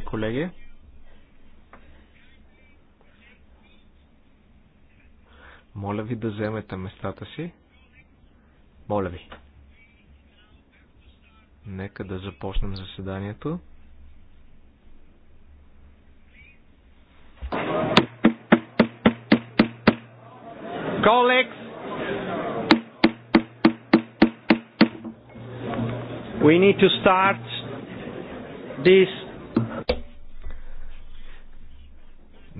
уважаеми колеги. Моля ви да вземете местата си. Моля ви. Нека да започнем заседанието. Колекс! We need to start this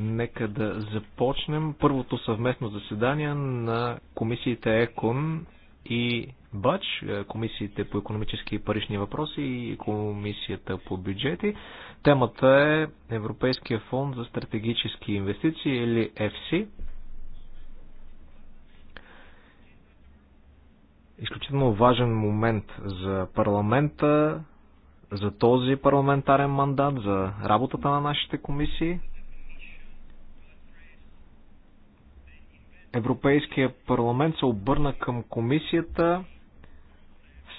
Нека да започнем първото съвместно заседание на комисиите ЕКОН и БАЧ, комисиите по економически и парични въпроси и комисията по бюджети. Темата е Европейския фонд за стратегически инвестиции или ЕФСИ. Изключително важен момент за парламента, за този парламентарен мандат, за работата на нашите комисии. Европейския парламент се обърна към комисията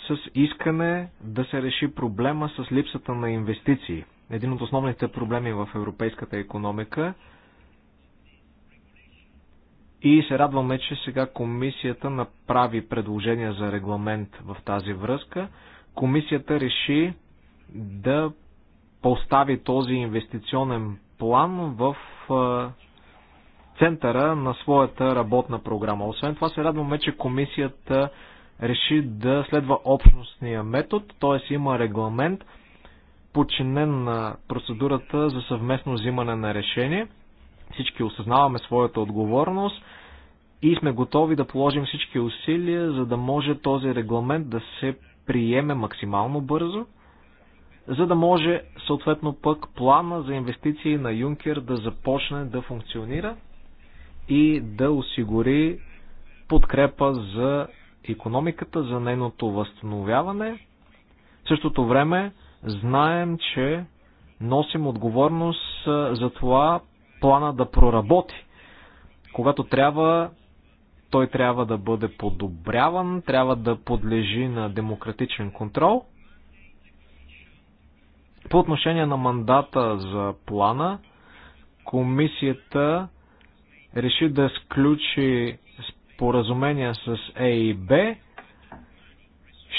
с искане да се реши проблема с липсата на инвестиции. Един от основните проблеми в европейската економика. И се радваме, че сега комисията направи предложение за регламент в тази връзка. Комисията реши да постави този инвестиционен план в центъра на своята работна програма. Освен това се радваме, че комисията реши да следва общностния метод, т.е. има регламент, подчинен на процедурата за съвместно взимане на решение. Всички осъзнаваме своята отговорност и сме готови да положим всички усилия, за да може този регламент да се приеме максимално бързо, за да може съответно пък плана за инвестиции на Юнкер да започне да функционира и да осигури подкрепа за економиката, за нейното възстановяване. В същото време знаем, че носим отговорност за това плана да проработи. Когато трябва, той трябва да бъде подобряван, трябва да подлежи на демократичен контрол. По отношение на мандата за плана, комисията реши да сключи споразумения с Е и Б,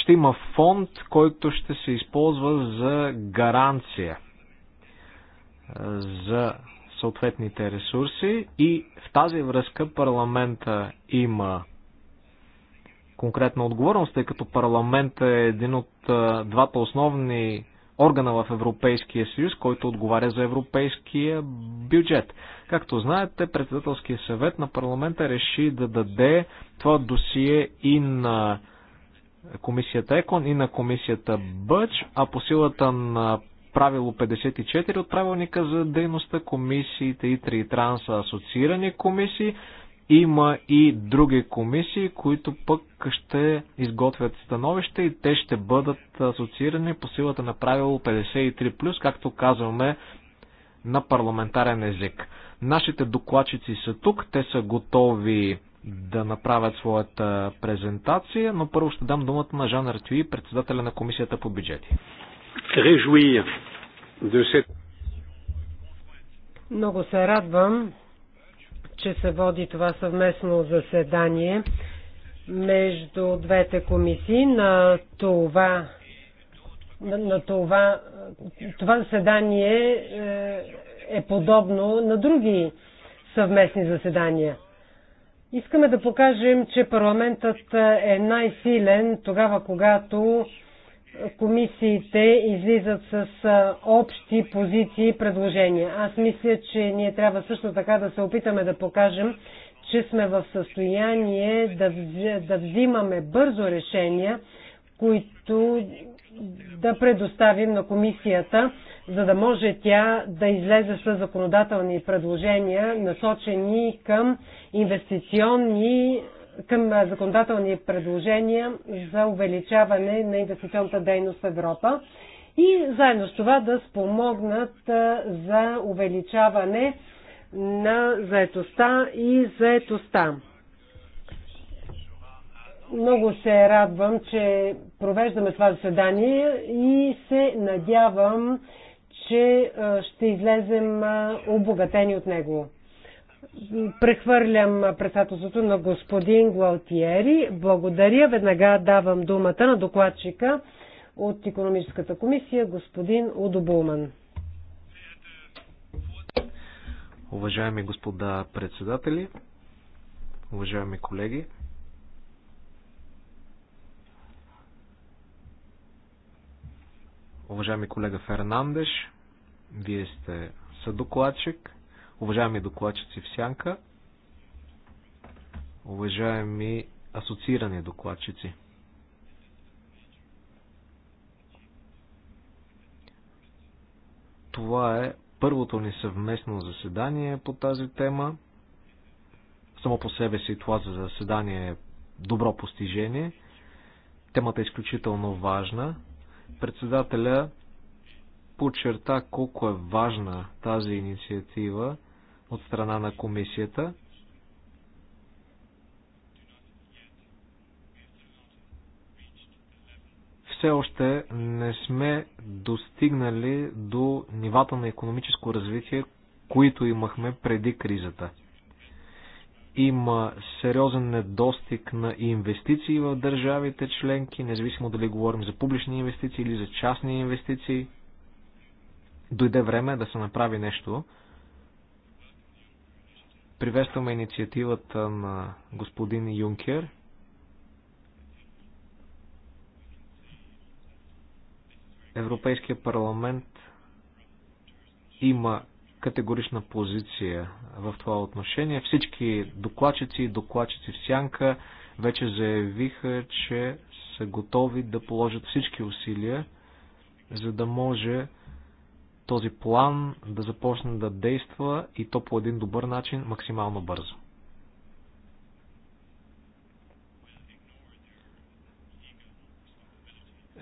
ще има фонд, който ще се използва за гаранция за съответните ресурси и в тази връзка парламента има конкретна отговорност, тъй като парламента е един от двата основни органа в Европейския съюз, който отговаря за европейския бюджет. Както знаете, председателския съвет на парламента реши да даде това досие и на комисията ЕКОН и на комисията БЪЧ, а по силата на правило 54 от правилника за дейността комисиите и три транса асоциирани комисии, има и други комисии, които пък ще изготвят становище и те ще бъдат асоциирани по силата на правило 53+, както казваме на парламентарен език. Нашите докладчици са тук, те са готови да направят своята презентация, но първо ще дам думата на Жан Ратюи, председателя на Комисията по бюджети. Много се радвам, че се води това съвместно заседание между двете комисии. На това, на това, това заседание е, е подобно на други съвместни заседания. Искаме да покажем, че парламентът е най-силен тогава, когато комисиите излизат с общи позиции и предложения. Аз мисля, че ние трябва също така да се опитаме да покажем, че сме в състояние да, да взимаме бързо решения, които да предоставим на комисията, за да може тя да излезе с законодателни предложения, насочени към инвестиционни към законодателни предложения за увеличаване на инвестиционната дейност в Европа и заедно с това да спомогнат за увеличаване на заетостта и заетостта. Много се радвам, че провеждаме това заседание и се надявам, че ще излезем обогатени от него. Прехвърлям председателството на господин Гуалтиери. Благодаря. Веднага давам думата на докладчика от економическата комисия, господин Удобулман. Уважаеми господа председатели, уважаеми колеги, уважаеми колега Фернандеш, вие сте съдокладчик уважаеми докладчици в сянка, уважаеми асоциирани докладчици. Това е първото ни съвместно заседание по тази тема. Само по себе си това за заседание е добро постижение. Темата е изключително важна. Председателя подчерта колко е важна тази инициатива – от страна на комисията. Все още не сме достигнали до нивата на економическо развитие, които имахме преди кризата. Има сериозен недостиг на инвестиции в държавите членки, независимо дали говорим за публични инвестиции или за частни инвестиции. Дойде време да се направи нещо. Приветстваме инициативата на господин Юнкер. Европейския парламент има категорична позиция в това отношение. Всички докладчици и докладчици в сянка вече заявиха, че са готови да положат всички усилия, за да може този план да започне да действа и то по един добър начин максимално бързо.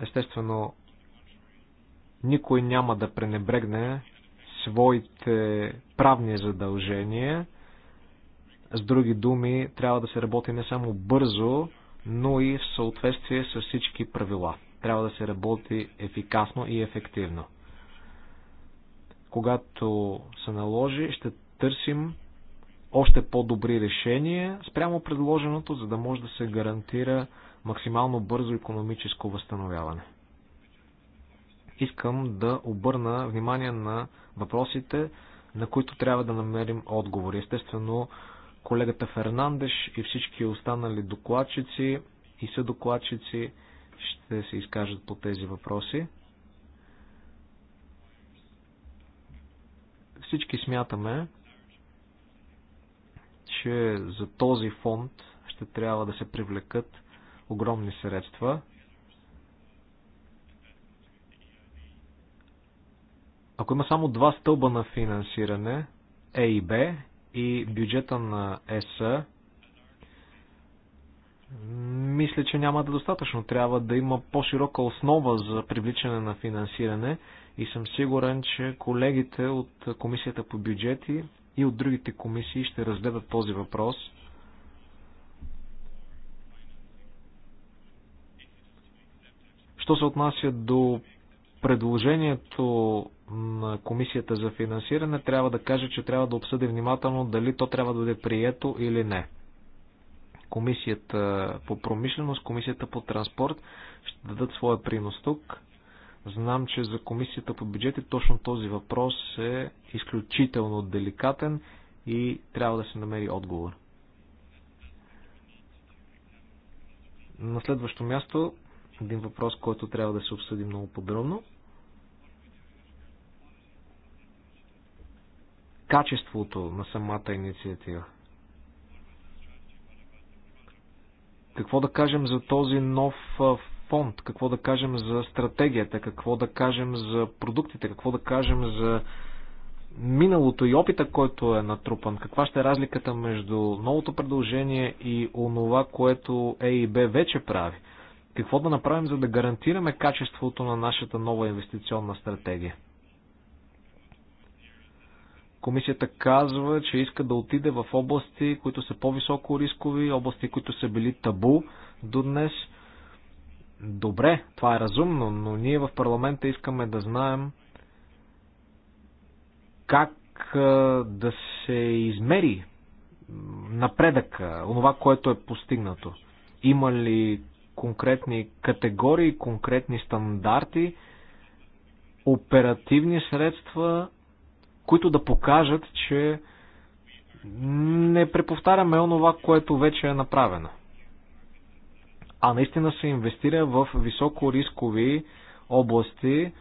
Естествено, никой няма да пренебрегне своите правни задължения. С други думи, трябва да се работи не само бързо, но и в съответствие с всички правила. Трябва да се работи ефикасно и ефективно. Когато се наложи, ще търсим още по-добри решения спрямо предложеното, за да може да се гарантира максимално бързо економическо възстановяване. Искам да обърна внимание на въпросите, на които трябва да намерим отговори. Естествено, колегата Фернандеш и всички останали докладчици и съдокладчици ще се изкажат по тези въпроси. Всички смятаме, че за този фонд ще трябва да се привлекат огромни средства. Ако има само два стълба на финансиране, Е и Б и бюджета на ЕС, мисля, че няма да е достатъчно. Трябва да има по-широка основа за привличане на финансиране и съм сигурен, че колегите от Комисията по бюджети и от другите комисии ще разгледат този въпрос. Що се отнася до предложението на Комисията за финансиране, трябва да кажа, че трябва да обсъди внимателно дали то трябва да бъде прието или не. Комисията по промишленост, Комисията по транспорт ще дадат своя принос тук. Знам, че за комисията по бюджети точно този въпрос е изключително деликатен и трябва да се намери отговор. На следващо място, един въпрос, който трябва да се обсъди много подробно. Качеството на самата инициатива. Какво да кажем за този нов фонд, какво да кажем за стратегията, какво да кажем за продуктите, какво да кажем за миналото и опита, който е натрупан, каква ще е разликата между новото предложение и онова, което е и B вече прави. Какво да направим, за да гарантираме качеството на нашата нова инвестиционна стратегия? Комисията казва, че иска да отиде в области, които са по-високо рискови, области, които са били табу до днес – добре, това е разумно, но ние в парламента искаме да знаем как да се измери напредък, онова, което е постигнато. Има ли конкретни категории, конкретни стандарти, оперативни средства, които да покажат, че не преповтаряме онова, което вече е направено а наистина се инвестира в високо рискови области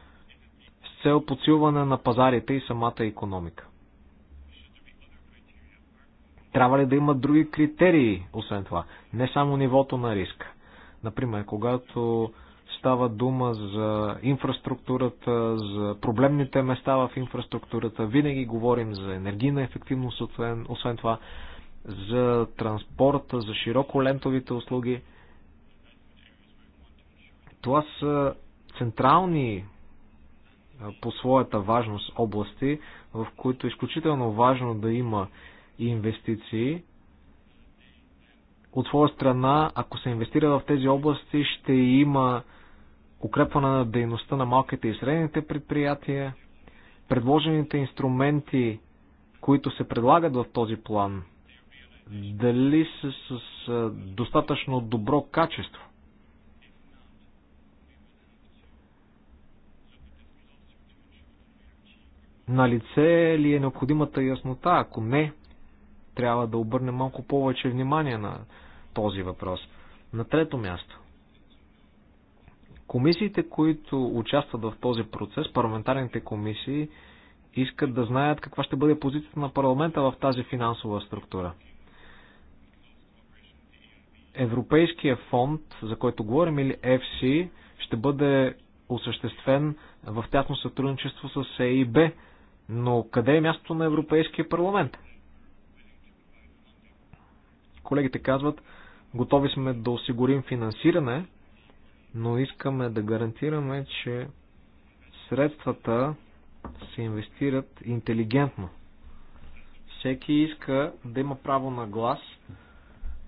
с цел подсилване на пазарите и самата економика. Трябва ли да има други критерии, освен това? Не само нивото на риска. Например, когато става дума за инфраструктурата, за проблемните места в инфраструктурата, винаги говорим за енергийна ефективност, освен, освен това, за транспорта, за широколентовите услуги – това са централни по своята важност области, в които е изключително важно да има инвестиции. От своя страна, ако се инвестира в тези области, ще има укрепване на дейността на малките и средните предприятия. Предложените инструменти, които се предлагат в този план, дали са с достатъчно добро качество? На лице ли е необходимата яснота? Ако не, трябва да обърнем малко повече внимание на този въпрос. На трето място. Комисиите, които участват в този процес, парламентарните комисии, искат да знаят каква ще бъде позицията на парламента в тази финансова структура. Европейския фонд, за който говорим, или FC, ще бъде осъществен в тясно сътрудничество с ЕИБ. Но къде е мястото на Европейския парламент? Колегите казват, готови сме да осигурим финансиране, но искаме да гарантираме, че средствата се инвестират интелигентно. Всеки иска да има право на глас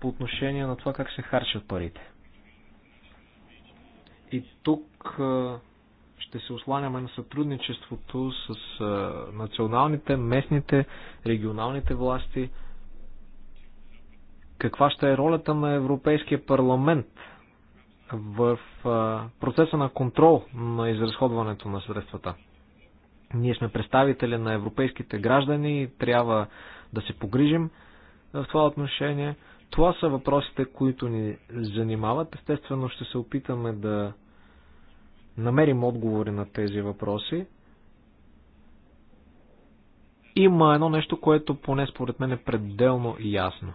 по отношение на това как се харчат парите. И тук ще се осланяме на сътрудничеството с националните, местните, регионалните власти. Каква ще е ролята на Европейския парламент в процеса на контрол на изразходването на средствата? Ние сме представители на европейските граждани и трябва да се погрижим в това отношение. Това са въпросите, които ни занимават. Естествено ще се опитаме да намерим отговори на тези въпроси. Има едно нещо, което поне според мен е пределно ясно.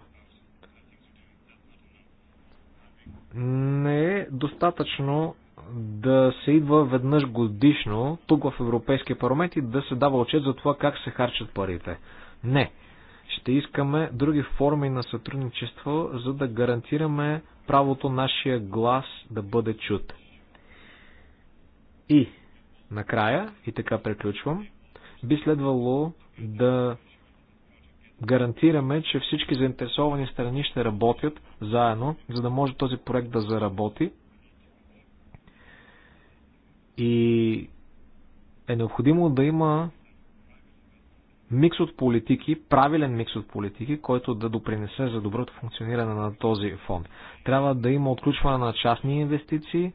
Не е достатъчно да се идва веднъж годишно тук в Европейския парламент и да се дава отчет за това как се харчат парите. Не. Ще искаме други форми на сътрудничество, за да гарантираме правото нашия глас да бъде чут. И накрая, и така приключвам, би следвало да гарантираме, че всички заинтересовани страни ще работят заедно, за да може този проект да заработи. И е необходимо да има микс от политики, правилен микс от политики, който да допринесе за доброто функциониране на този фонд. Трябва да има отключване на частни инвестиции,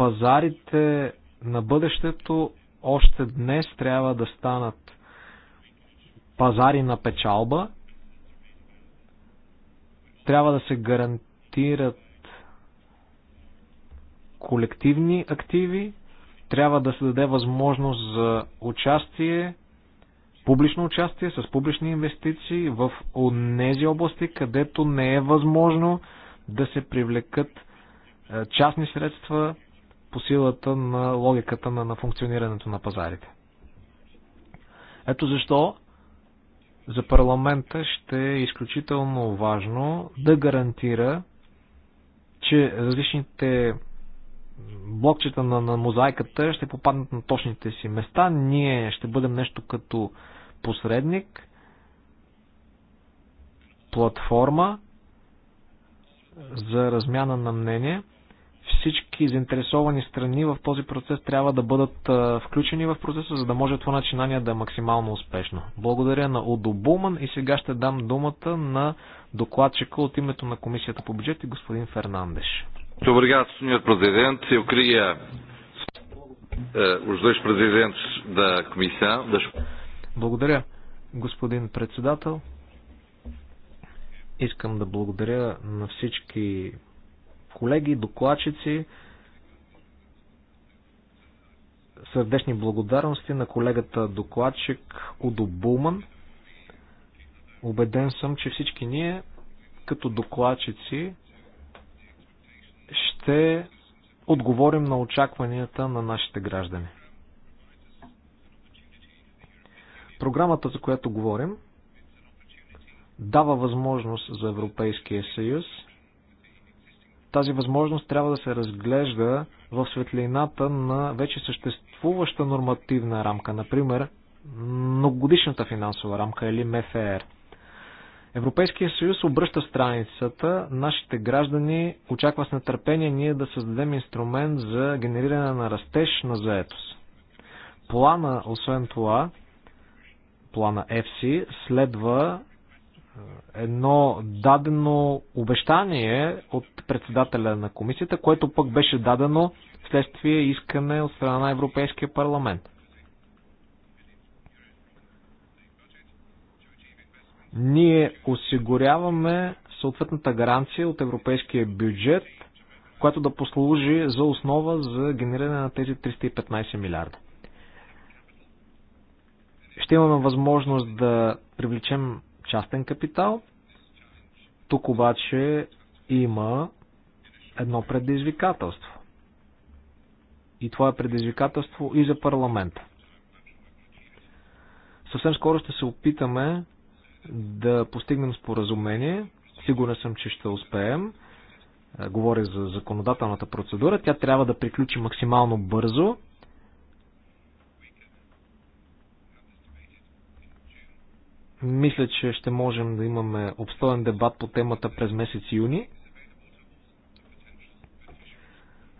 пазарите на бъдещето още днес трябва да станат пазари на печалба. Трябва да се гарантират колективни активи, трябва да се даде възможност за участие, публично участие с публични инвестиции в тези области, където не е възможно да се привлекат е, частни средства по силата на логиката на, на функционирането на пазарите. Ето защо за парламента ще е изключително важно да гарантира, че различните блокчета на, на мозайката ще попаднат на точните си места. Ние ще бъдем нещо като посредник, платформа за размяна на мнение – всички заинтересовани страни в този процес трябва да бъдат включени в процеса, за да може това начинание да е максимално успешно. Благодаря на Удо Буман и сега ще дам думата на докладчика от името на Комисията по бюджет и господин Фернандеш. Добре, господин президент. Се queria е, уждаш президент да комисия. Благодаря, господин председател. Искам да благодаря на всички колеги, докладчици. Сърдечни благодарности на колегата докладчик Удо Булман. Обеден съм, че всички ние, като докладчици, ще отговорим на очакванията на нашите граждани. Програмата, за която говорим, дава възможност за Европейския съюз тази възможност трябва да се разглежда в светлината на вече съществуваща нормативна рамка, например многогодишната финансова рамка или МФР. Европейския съюз обръща страницата, нашите граждани очакват с нетърпение ние да създадем инструмент за генериране на растеж на заетост. Плана, освен това, плана FC, следва едно дадено обещание от председателя на комисията, което пък беше дадено вследствие искане от страна на Европейския парламент. Ние осигуряваме съответната гаранция от европейския бюджет, която да послужи за основа за генериране на тези 315 милиарда. Ще имаме възможност да привлечем частен капитал. Тук обаче има едно предизвикателство. И това е предизвикателство и за парламента. Съвсем скоро ще се опитаме да постигнем споразумение. Сигурен съм, че ще успеем. Е, говоря за законодателната процедура. Тя трябва да приключи максимално бързо. Мисля, че ще можем да имаме обстоен дебат по темата през месец юни,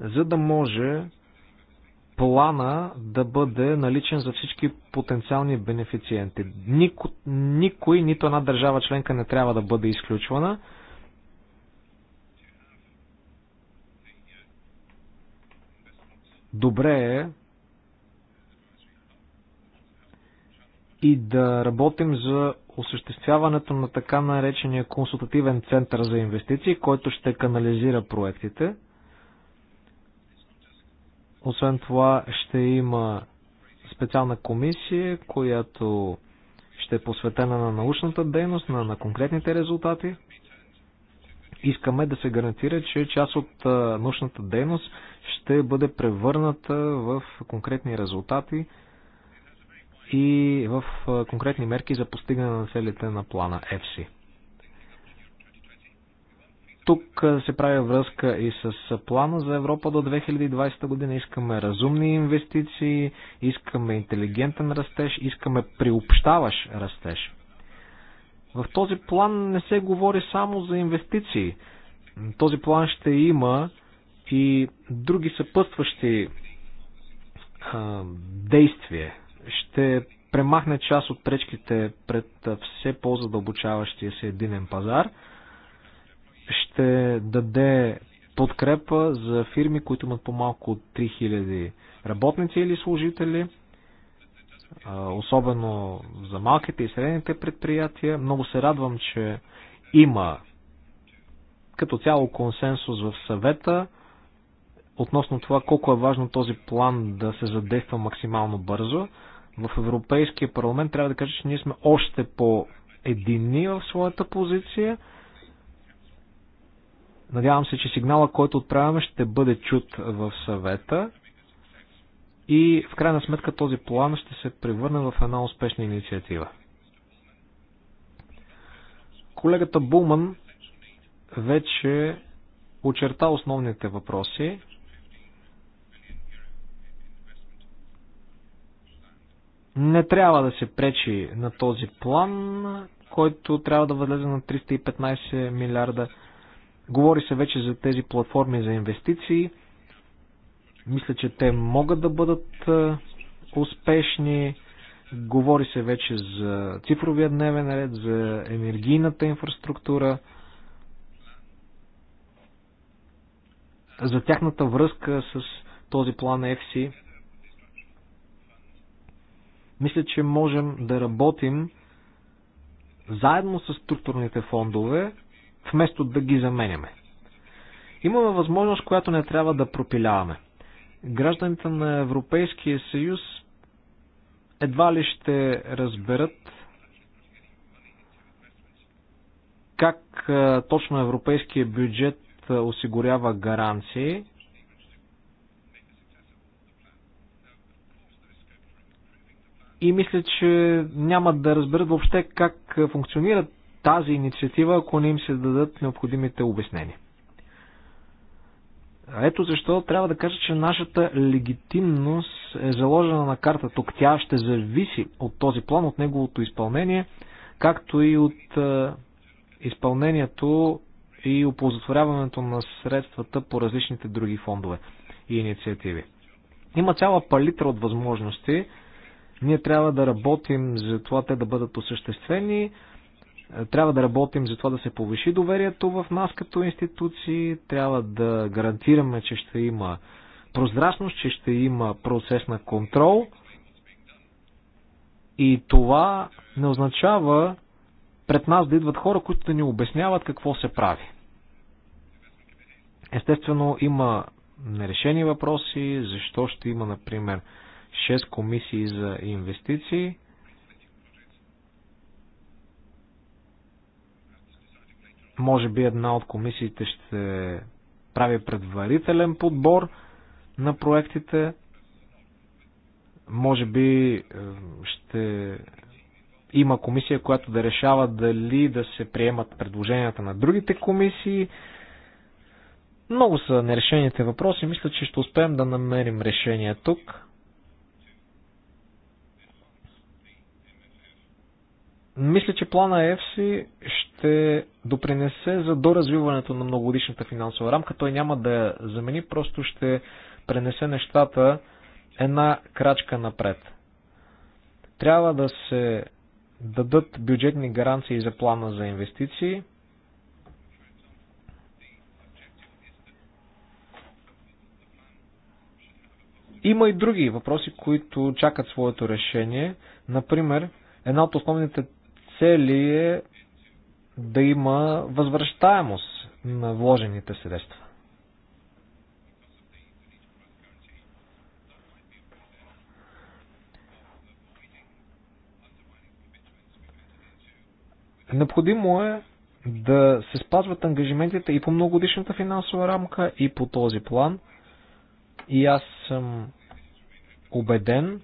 за да може плана да бъде наличен за всички потенциални бенефициенти. Нико, никой, нито една държава членка не трябва да бъде изключвана. Добре е и да работим за осъществяването на така наречения консултативен център за инвестиции, който ще канализира проектите. Освен това ще има специална комисия, която ще е посветена на научната дейност, на, на конкретните резултати. Искаме да се гарантира, че част от научната дейност ще бъде превърната в конкретни резултати, и в конкретни мерки за постигане на целите на плана EFSI. Тук се прави връзка и с плана за Европа до 2020 година. Искаме разумни инвестиции, искаме интелигентен растеж, искаме приобщаващ растеж. В този план не се говори само за инвестиции. Този план ще има и други съпътстващи действия ще премахне част от пречките пред все по-задълбочаващия се единен пазар, ще даде подкрепа за фирми, които имат по-малко от 3000 работници или служители, особено за малките и средните предприятия. Много се радвам, че има като цяло консенсус в съвета относно това колко е важно този план да се задейства максимално бързо в Европейския парламент, трябва да кажа, че ние сме още по-единни в своята позиция. Надявам се, че сигнала, който отправяме, ще бъде чут в съвета. И в крайна сметка този план ще се превърне в една успешна инициатива. Колегата Буман вече очерта основните въпроси. Не трябва да се пречи на този план, който трябва да възлезе на 315 милиарда. Говори се вече за тези платформи за инвестиции. Мисля, че те могат да бъдат е, успешни. Говори се вече за цифровия дневен ред, за енергийната инфраструктура, за тяхната връзка с този план EFSI. Мисля, че можем да работим заедно с структурните фондове, вместо да ги заменяме. Имаме възможност, която не трябва да пропиляваме. Гражданите на Европейския съюз едва ли ще разберат как точно европейския бюджет осигурява гаранции и мисля, че няма да разберат въобще как функционира тази инициатива, ако не им се дадат необходимите обяснения. Ето защо трябва да кажа, че нашата легитимност е заложена на карта тук. Тя ще зависи от този план, от неговото изпълнение, както и от е, изпълнението и оползотворяването на средствата по различните други фондове и инициативи. Има цяла палитра от възможности, ние трябва да работим за това те да бъдат осъществени, трябва да работим за това да се повиши доверието в нас като институции, трябва да гарантираме, че ще има прозрачност, че ще има процес на контрол. И това не означава пред нас да идват хора, които да ни обясняват какво се прави. Естествено, има нерешени въпроси, защо ще има, например, 6 комисии за инвестиции. Може би една от комисиите ще прави предварителен подбор на проектите. Може би е, ще има комисия, която да решава дали да се приемат предложенията на другите комисии. Много са нерешените въпроси. Мисля, че ще успеем да намерим решение тук. Мисля, че плана ЕФСИ ще допринесе за доразвиването на многогодишната финансова рамка. Той няма да я замени, просто ще пренесе нещата една крачка напред. Трябва да се дадат бюджетни гаранции за плана за инвестиции. Има и други въпроси, които чакат своето решение. Например, една от основните Цели ли е да има възвръщаемост на вложените средства. Необходимо е да се спазват ангажиментите и по многогодишната финансова рамка, и по този план. И аз съм убеден,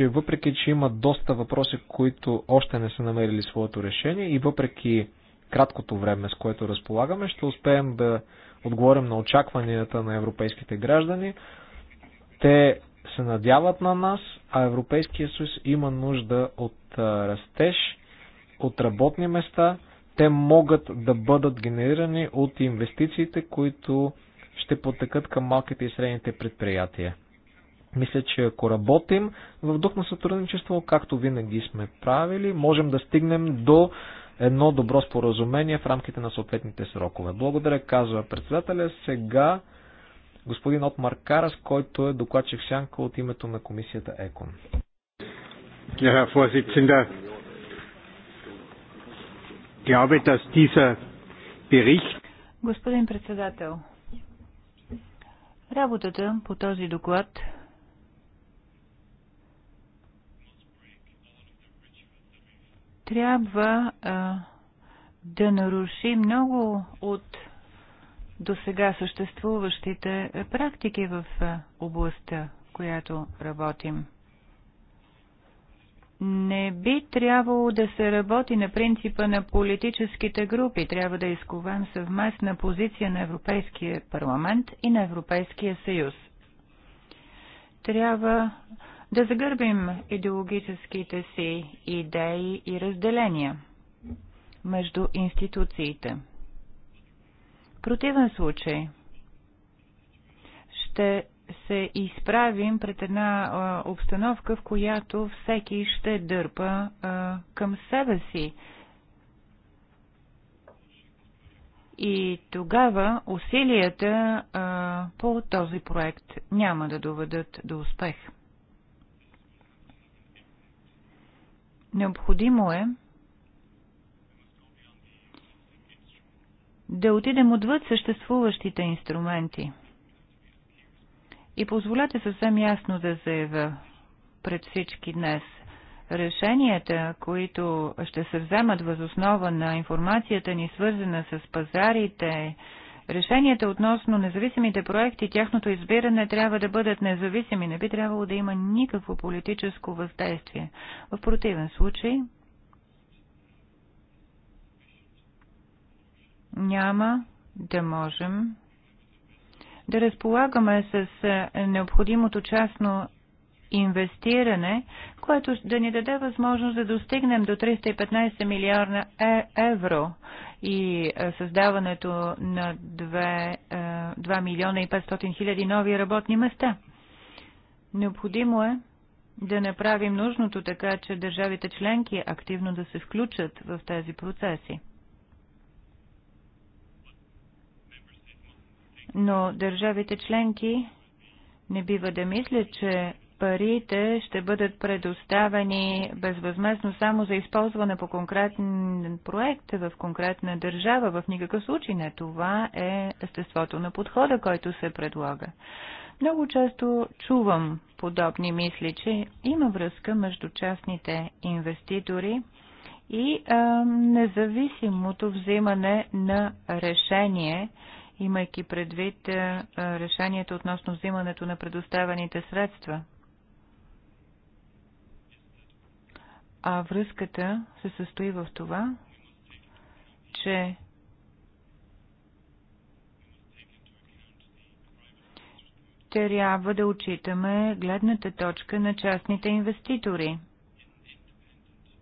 че въпреки, че има доста въпроси, които още не са намерили своето решение и въпреки краткото време, с което разполагаме, ще успеем да отговорим на очакванията на европейските граждани. Те се надяват на нас, а Европейския съюз има нужда от растеж, от работни места. Те могат да бъдат генерирани от инвестициите, които ще потекат към малките и средните предприятия. Мисля, че ако работим в дух на сътрудничество, както винаги сме правили, можем да стигнем до едно добро споразумение в рамките на съответните срокове. Благодаря, казва председателя. Сега господин Отмар Карас, който е докладчик сянка от името на комисията ЕКОН. Господин председател, работата по този доклад трябва а, да наруши много от до сега съществуващите практики в областта, в която работим. Не би трябвало да се работи на принципа на политическите групи. Трябва да изковем съвместна позиция на Европейския парламент и на Европейския съюз. Трябва да загърбим идеологическите си идеи и разделения между институциите. В противен случай ще се изправим пред една а, обстановка, в която всеки ще дърпа а, към себе си. И тогава усилията а, по този проект няма да доведат до успех. Необходимо е да отидем отвъд съществуващите инструменти. И позволете съвсем ясно да заявя пред всички днес. Решенията, които ще се вземат възоснова на информацията ни, свързана с пазарите, Решенията относно независимите проекти, тяхното избиране трябва да бъдат независими. Не би трябвало да има никакво политическо въздействие. В противен случай няма да можем да разполагаме с е, необходимото частно инвестиране, което да ни даде възможност да достигнем до 315 милиарда е, евро и е, създаването на 2, 2 е, милиона и 500 хиляди нови работни места. Необходимо е да направим нужното така, че държавите членки активно да се включат в тези процеси. Но държавите членки не бива да мислят, че парите ще бъдат предоставени безвъзмезно само за използване по конкретен проект в конкретна държава. В никакъв случай не това е естеството на подхода, който се предлага. Много често чувам подобни мисли, че има връзка между частните инвеститори и а, независимото взимане на решение, имайки предвид а, решението относно взимането на предоставените средства. А връзката се състои в това, че трябва да отчитаме гледната точка на частните инвеститори –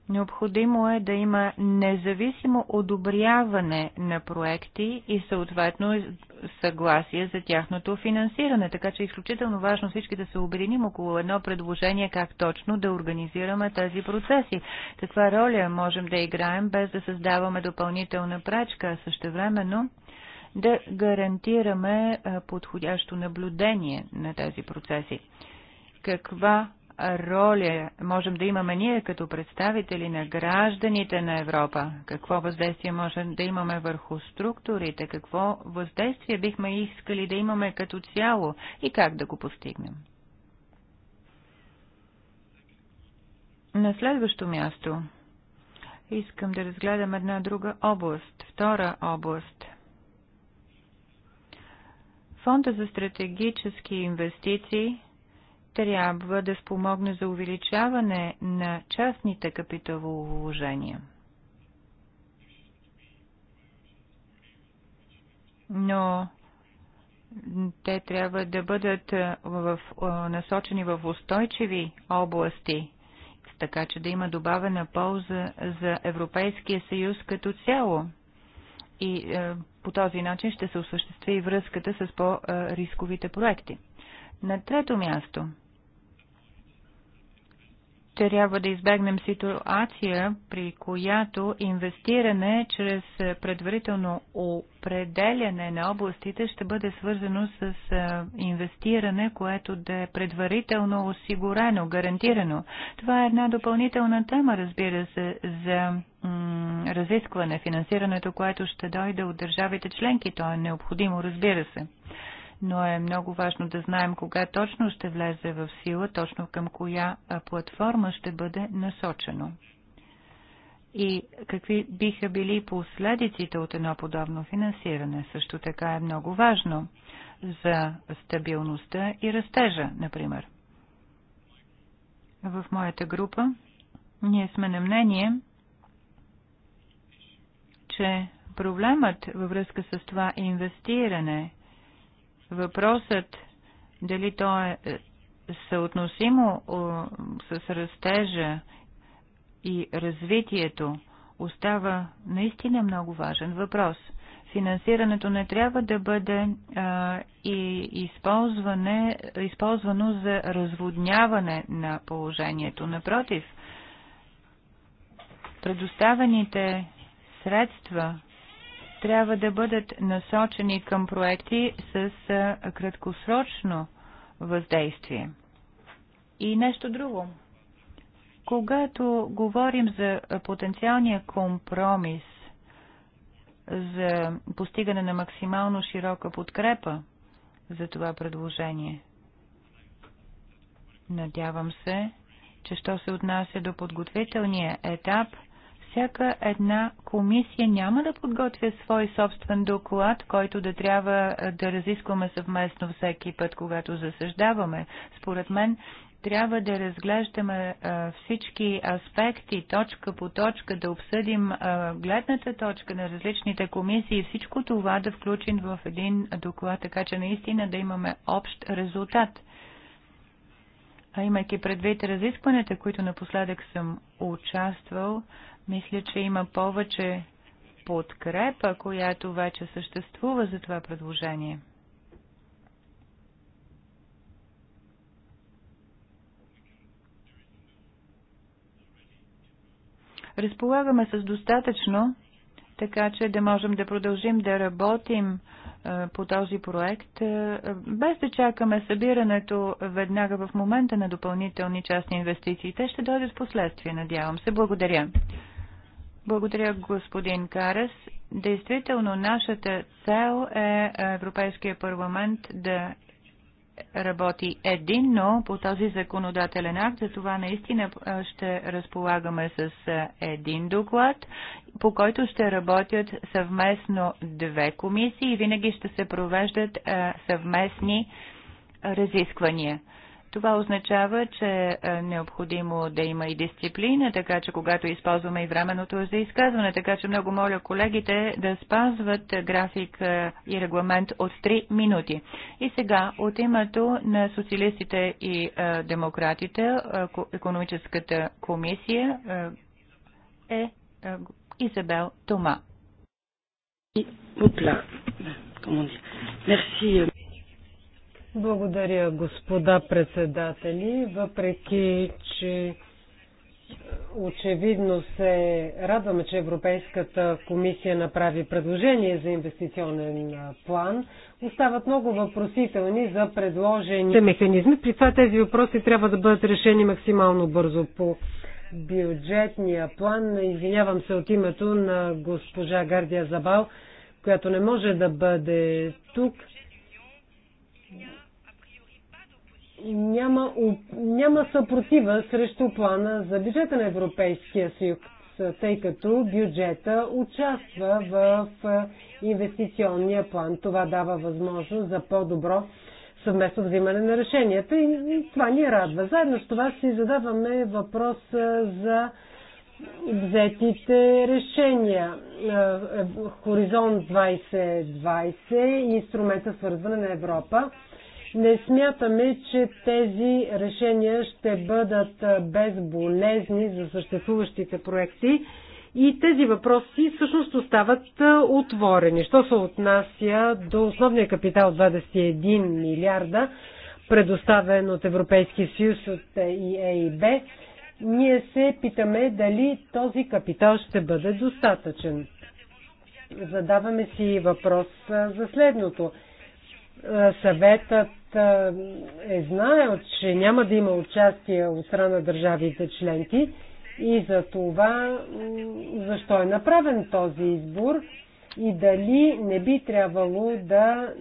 Необходимо е да има независимо одобряване на проекти и съответно съгласие за тяхното финансиране. Така че е изключително важно всички да се обединим около едно предложение как точно да организираме тези процеси. Каква роля можем да играем без да създаваме допълнителна прачка, а същевременно да гарантираме подходящо наблюдение на тези процеси. Каква роля можем да имаме ние като представители на гражданите на Европа? Какво въздействие можем да имаме върху структурите? Какво въздействие бихме искали да имаме като цяло и как да го постигнем? На следващо място искам да разгледам една друга област, втора област – Фонда за стратегически инвестиции трябва да спомогне за увеличаване на частните капиталовложения. Но те трябва да бъдат в, насочени в устойчиви области, така че да има добавена полза за Европейския съюз като цяло. И е, по този начин ще се осъществи и връзката с по-рисковите проекти. На трето място – трябва да избегнем ситуация, при която инвестиране чрез е, предварително определяне на областите ще бъде свързано с е, инвестиране, което да е предварително осигурено, гарантирано. Това е една допълнителна тема, разбира се, за разискване, финансирането, което ще дойде от държавите членки. То е необходимо, разбира се но е много важно да знаем кога точно ще влезе в сила, точно към коя платформа ще бъде насочено. И какви биха били последиците от едно подобно финансиране? Също така е много важно за стабилността и растежа, например. В моята група ние сме на мнение, че проблемът във връзка с това инвестиране Въпросът дали то е, е съотносимо с растежа и развитието остава наистина много важен въпрос. Финансирането не трябва да бъде а, и използване, използвано за разводняване на положението. Напротив, предоставените средства трябва да бъдат насочени към проекти с краткосрочно въздействие. И нещо друго. Когато говорим за потенциалния компромис за постигане на максимално широка подкрепа за това предложение, надявам се, че що се отнася до подготвителния етап – всяка една комисия няма да подготвя свой собствен доклад, който да трябва да разискваме съвместно всеки път, когато засъждаваме. Според мен трябва да разглеждаме всички аспекти, точка по точка, да обсъдим гледната точка на различните комисии и всичко това да включим в един доклад, така че наистина да имаме общ резултат. А имайки предвид разискванията, които напоследък съм участвал, мисля, че има повече подкрепа, която вече съществува за това предложение. Разполагаме с достатъчно, така че да можем да продължим да работим по този проект, без да чакаме събирането веднага в момента на допълнителни частни инвестиции. Те ще дойдат в последствие, надявам се. Благодаря. Благодаря, господин Карес. Действително, нашата цел е Европейския парламент да работи единно по този законодателен акт, за това наистина ще разполагаме с един доклад, по който ще работят съвместно две комисии и винаги ще се провеждат съвместни разисквания. Това означава, че е необходимо да има и дисциплина, така че когато използваме и временото за изказване, така че много моля колегите да спазват график е, и регламент от 3 минути. И сега от името на социалистите и е, демократите, е, економическата комисия е Изабел Тома. Мерси. Благодаря, господа председатели. Въпреки, че е, очевидно се радваме, че Европейската комисия направи предложение за инвестиционен е, план, остават много въпросителни за предложени механизми. При това тези въпроси трябва да бъдат решени максимално бързо по бюджетния план. Извинявам се от името на госпожа Гардия Забал, която не може да бъде тук. няма, няма съпротива срещу плана за бюджета на Европейския съюз, тъй като бюджета участва в инвестиционния план. Това дава възможност за по-добро съвместно взимане на решенията и това ни радва. Заедно с това си задаваме въпрос за взетите решения. Е, Хоризонт 2020 и инструмента свързване на Европа не смятаме, че тези решения ще бъдат безболезни за съществуващите проекти и тези въпроси всъщност остават отворени. Що се отнася до основния капитал 21 милиарда, предоставен от Европейския съюз от ЕИБ, ние се питаме дали този капитал ще бъде достатъчен. Задаваме си въпрос за следното. Съветът е знаел, че няма да има участие от страна на държавите членки и за това защо е направен този избор и дали не би трябвало да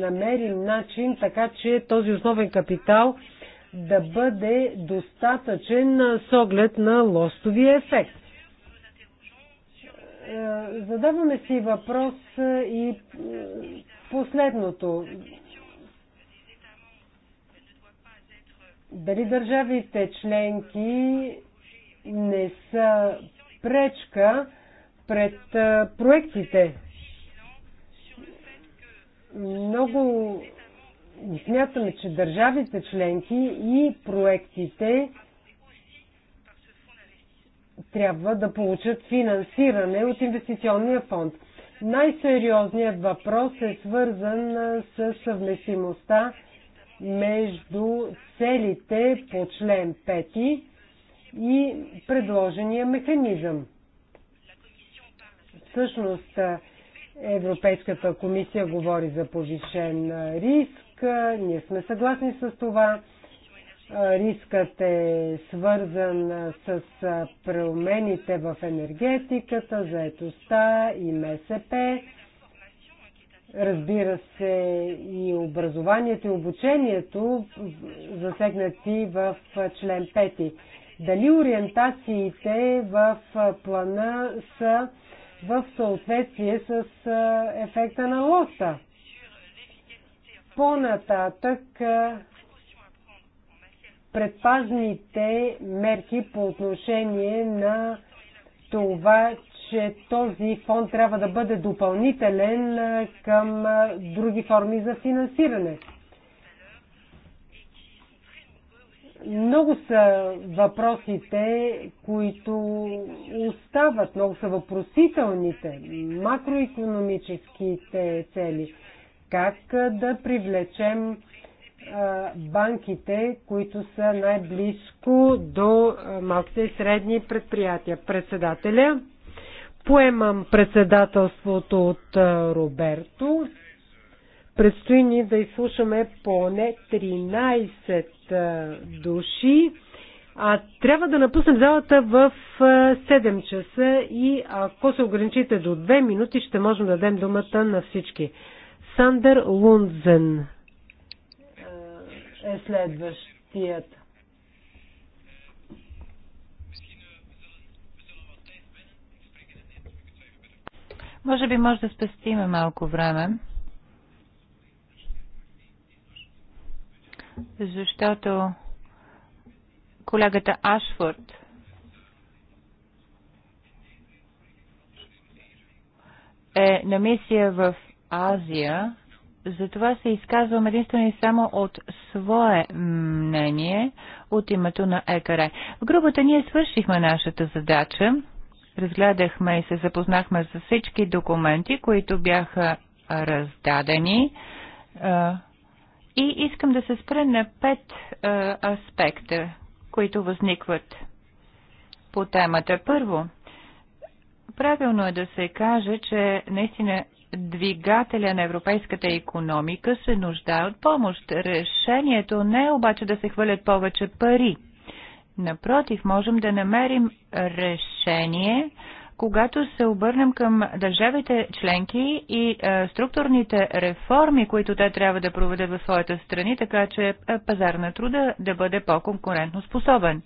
намерим начин така, че този основен капитал да бъде достатъчен с оглед на лостовия ефект. Е, задаваме си въпрос е, и е, последното. дали държавите членки не са пречка пред проектите. Много смятаме, че държавите членки и проектите трябва да получат финансиране от инвестиционния фонд. Най-сериозният въпрос е свързан с съвместимостта между целите по член 5 и предложения механизъм. Всъщност Европейската комисия говори за повишен риск. Ние сме съгласни с това. Рискът е свързан с промените в енергетиката, заетостта и МСП Разбира се, и образованието и обучението засегнати в член 5. Дали ориентациите в плана са в съответствие с ефекта на лоста? По-нататък предпазните мерки по отношение на това, че този фонд трябва да бъде допълнителен към други форми за финансиране. Много са въпросите, които остават, много са въпросителните, макроекономическите цели. Как да привлечем банките, които са най-близко до малките и средни предприятия. Председателя, Поемам председателството от Роберто. Предстои ни да изслушаме поне 13 души. А трябва да напуснем залата в 7 часа и ако се ограничите до 2 минути, ще можем да дадем думата на всички. Сандър Лундзен е следващият. Може би може да спестиме малко време, защото колегата Ашфорд е на мисия в Азия, затова се изказвам единствено и само от свое мнение от името на ЕКР. В групата ние свършихме нашата задача разгледахме и се запознахме с всички документи, които бяха раздадени. И искам да се спра на пет аспекта, които възникват по темата. Първо, правилно е да се каже, че наистина двигателя на европейската економика се нуждае от помощ. Решението не е обаче да се хвалят повече пари – Напротив, можем да намерим решение, когато се обърнем към държавите членки и а, е, структурните реформи, които те трябва да проведат в своята страни, така че е, пазар на труда да бъде по-конкурентно способен.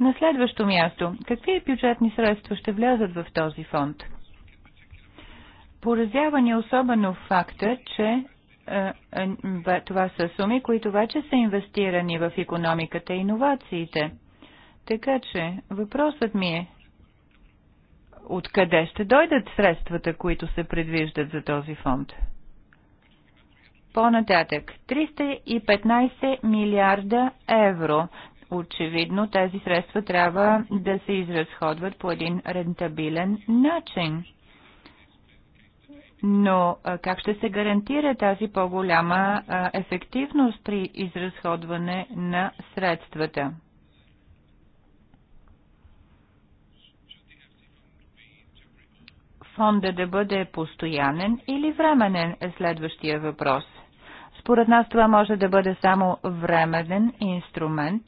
На следващо място, какви бюджетни средства ще влязат в този фонд? Поразява ни особено факта, че е, това са суми, които вече са инвестирани в економиката и иновациите. Така че въпросът ми е, откъде ще дойдат средствата, които се предвиждат за този фонд? По-нататък, 315 милиарда евро. Очевидно тези средства трябва да се изразходват по един рентабилен начин. Но как ще се гарантира тази по-голяма ефективност при изразходване на средствата? фонда да бъде постоянен или временен е следващия въпрос. Според нас това може да бъде само временен инструмент.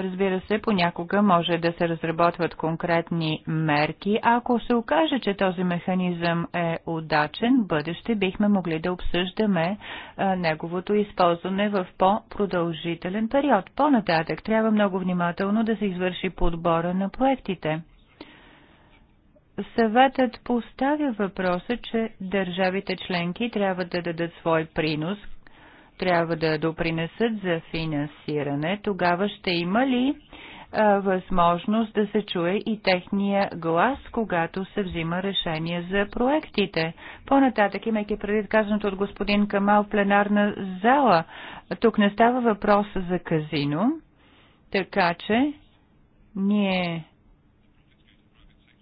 Разбира се, понякога може да се разработват конкретни мерки. Ако се окаже, че този механизъм е удачен, бъдеще бихме могли да обсъждаме а, неговото използване в по-продължителен период. По-нататък трябва много внимателно да се извърши подбора на проектите. Съветът поставя въпроса, че държавите членки трябва да дадат свой принос, трябва да допринесат за финансиране. Тогава ще има ли а, възможност да се чуе и техния глас, когато се взима решение за проектите? По-нататък, имайки преди казаното от господин Камал в пленарна зала, тук не става въпрос за казино, така че ние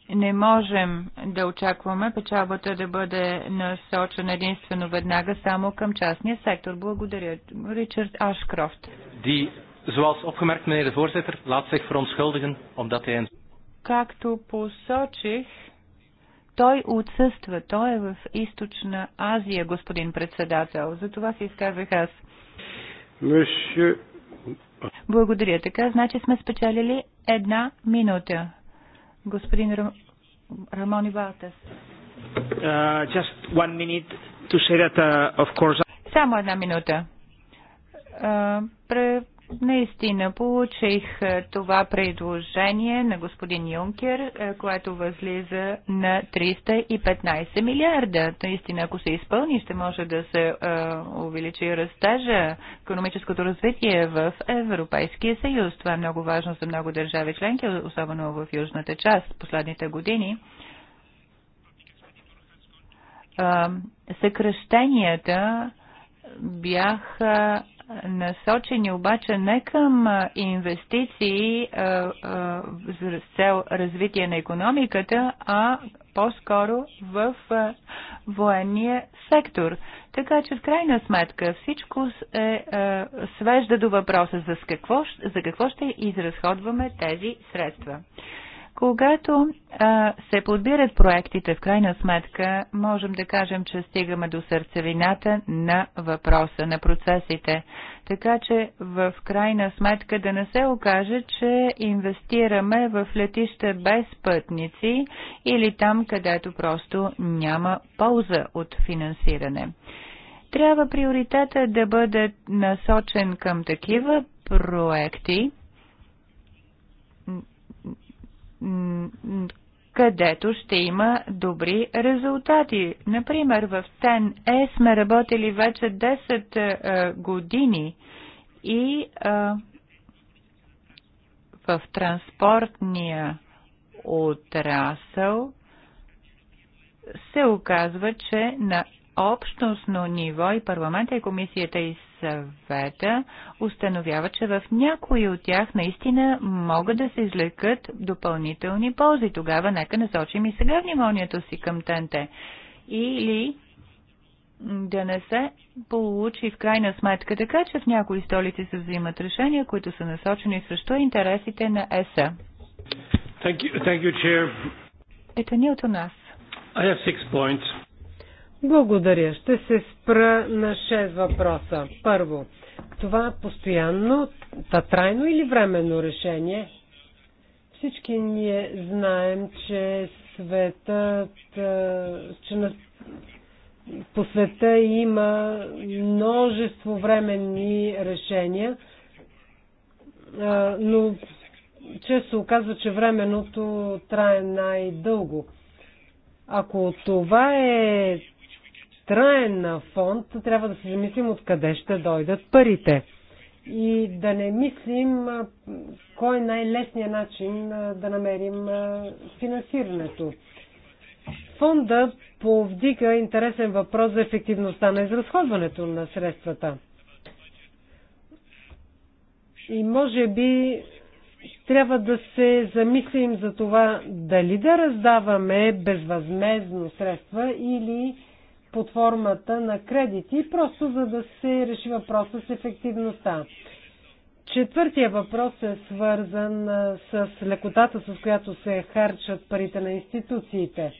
не можем да очакваме печалбата да бъде насочена единствено веднага само към частния сектор. Благодаря. Ричард Ашкрофт. Както посочих, той отсъства. Той е в източна Азия, господин председател. За това се изказах аз. Monsieur... Благодаря. Така, значи сме спечелили една минута. Господин Рам... Рамон Ивалтес. Uh, uh course... Само една минута. Uh, Наистина получих е, това предложение на господин Юнкер, е, което възлиза на 315 милиарда. Наистина, ако се изпълни, ще може да се е, увеличи растежа, економическото развитие в Европейския съюз. Това е много важно за много държави членки, особено в южната част последните години съкръщенията бяха насочени обаче не към инвестиции с цел развитие на економиката, а по-скоро в военния сектор. Така че в крайна сметка всичко е, е, свежда до въпроса за какво, за какво ще изразходваме тези средства. Когато а, се подбират проектите, в крайна сметка, можем да кажем, че стигаме до сърцевината на въпроса, на процесите. Така че, в крайна сметка, да не се окаже, че инвестираме в летища без пътници или там, където просто няма полза от финансиране. Трябва приоритета да бъде насочен към такива проекти, където ще има добри резултати. Например, в ТЕН-Е сме работили вече 10 е, години и е, в транспортния отрасъл се оказва, че на общностно ниво и парламента и комисията и съвета установява, че в някои от тях наистина могат да се излекат допълнителни ползи. Тогава нека насочим и сега вниманието си към ТНТ. Или да не се получи в крайна сметка така, че в някои столици се взимат решения, които са насочени срещу интересите на ЕСА. Thank you, thank you, Chair. Ето ни от нас. I have six points. Благодаря. Ще се спра на 6 въпроса. Първо, това постоянно, та трайно или временно решение? Всички ние знаем, че светът, че на, по света има множество временни решения, но често оказва, че временото трае най-дълго. Ако това е траен на фонд, трябва да се замислим откъде ще дойдат парите. И да не мислим кой е най-лесният начин да намерим финансирането. Фонда повдига интересен въпрос за ефективността на изразходването на средствата. И може би трябва да се замислим за това дали да раздаваме безвъзмезно средства или под формата на кредити, просто за да се реши въпроса с ефективността. Четвъртия въпрос е свързан с лекотата, с която се харчат парите на институциите.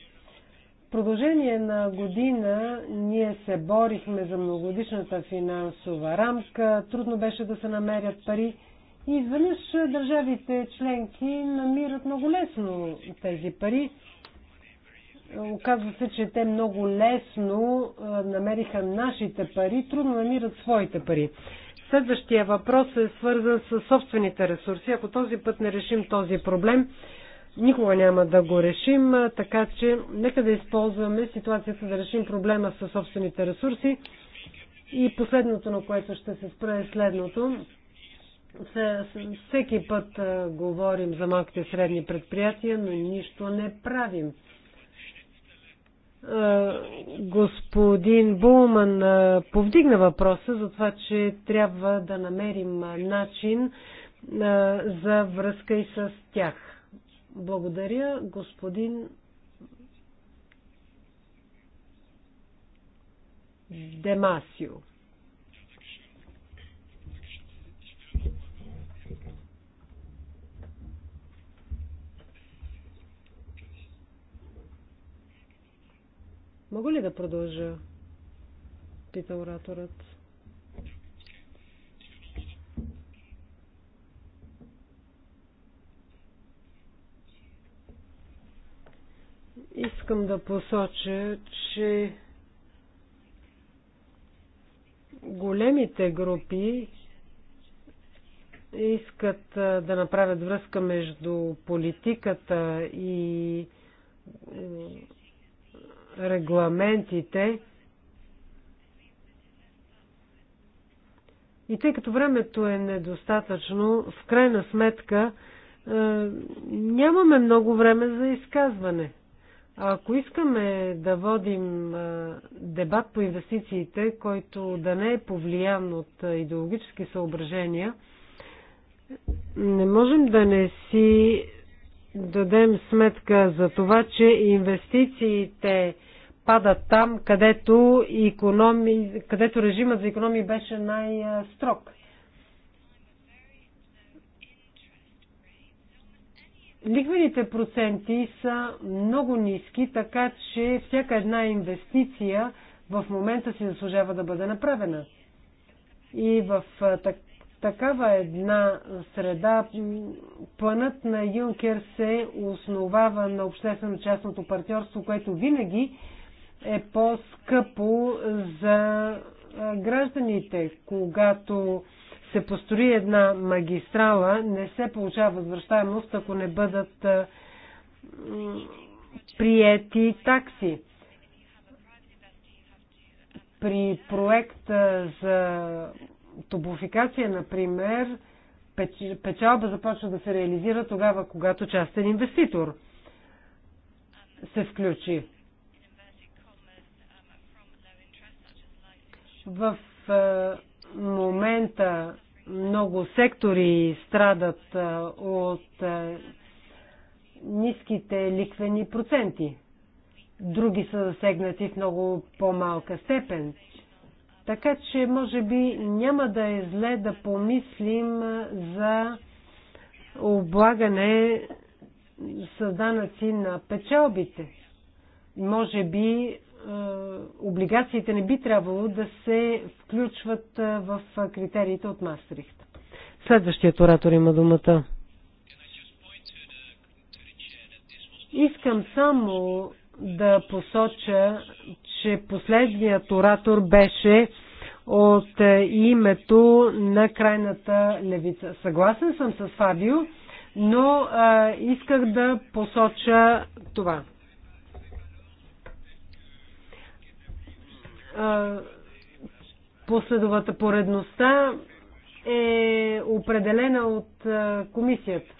В продължение на година ние се борихме за многогодишната финансова рамка, трудно беше да се намерят пари и изведнъж държавите членки намират много лесно тези пари Оказва се, че те много лесно намериха нашите пари, трудно намират своите пари. Следващия въпрос е свързан с собствените ресурси. Ако този път не решим този проблем, никога няма да го решим, така че нека да използваме ситуацията да решим проблема с собствените ресурси. И последното, на което ще се спра е следното. Всеки път говорим за малките и средни предприятия, но нищо не правим. Е, господин Булман е, повдигна въпроса за това, че трябва да намерим е, начин за връзка и с тях. Благодаря, господин Демасио. Мога ли да продължа? Пита ораторът. Искам да посоча, че големите групи искат да направят връзка между политиката и регламентите. И тъй като времето е недостатъчно, в крайна сметка е, нямаме много време за изказване. А ако искаме да водим е, дебат по инвестициите, който да не е повлиян от е, идеологически съображения, не можем да не си дадем сметка за това, че инвестициите пада там, където, економи, където режимът за економии беше най-строг. Ликвидните проценти са много ниски, така че всяка една инвестиция в момента си заслужава да бъде направена. И в так, такава една среда планът на Юнкер се основава на обществено-частното партньорство, което винаги е по-скъпо за гражданите. Когато се построи една магистрала, не се получава възвръщаемост, ако не бъдат приети такси. При проекта за тубофикация, например, печалба започва да се реализира тогава, когато частен инвеститор се включи. В е, момента много сектори страдат е, от е, ниските ликвени проценти. Други са засегнати в много по-малка степен. Така че, може би, няма да е зле да помислим за облагане с данъци на печалбите. Може би е, облигациите не би трябвало да се включват е, в критериите от Мастрихт. Следващият оратор има думата. Искам само да посоча, че последният оратор беше от е, името на крайната левица. Съгласен съм с Фабио, но а, исках да посоча това. последовата поредността е определена от комисията.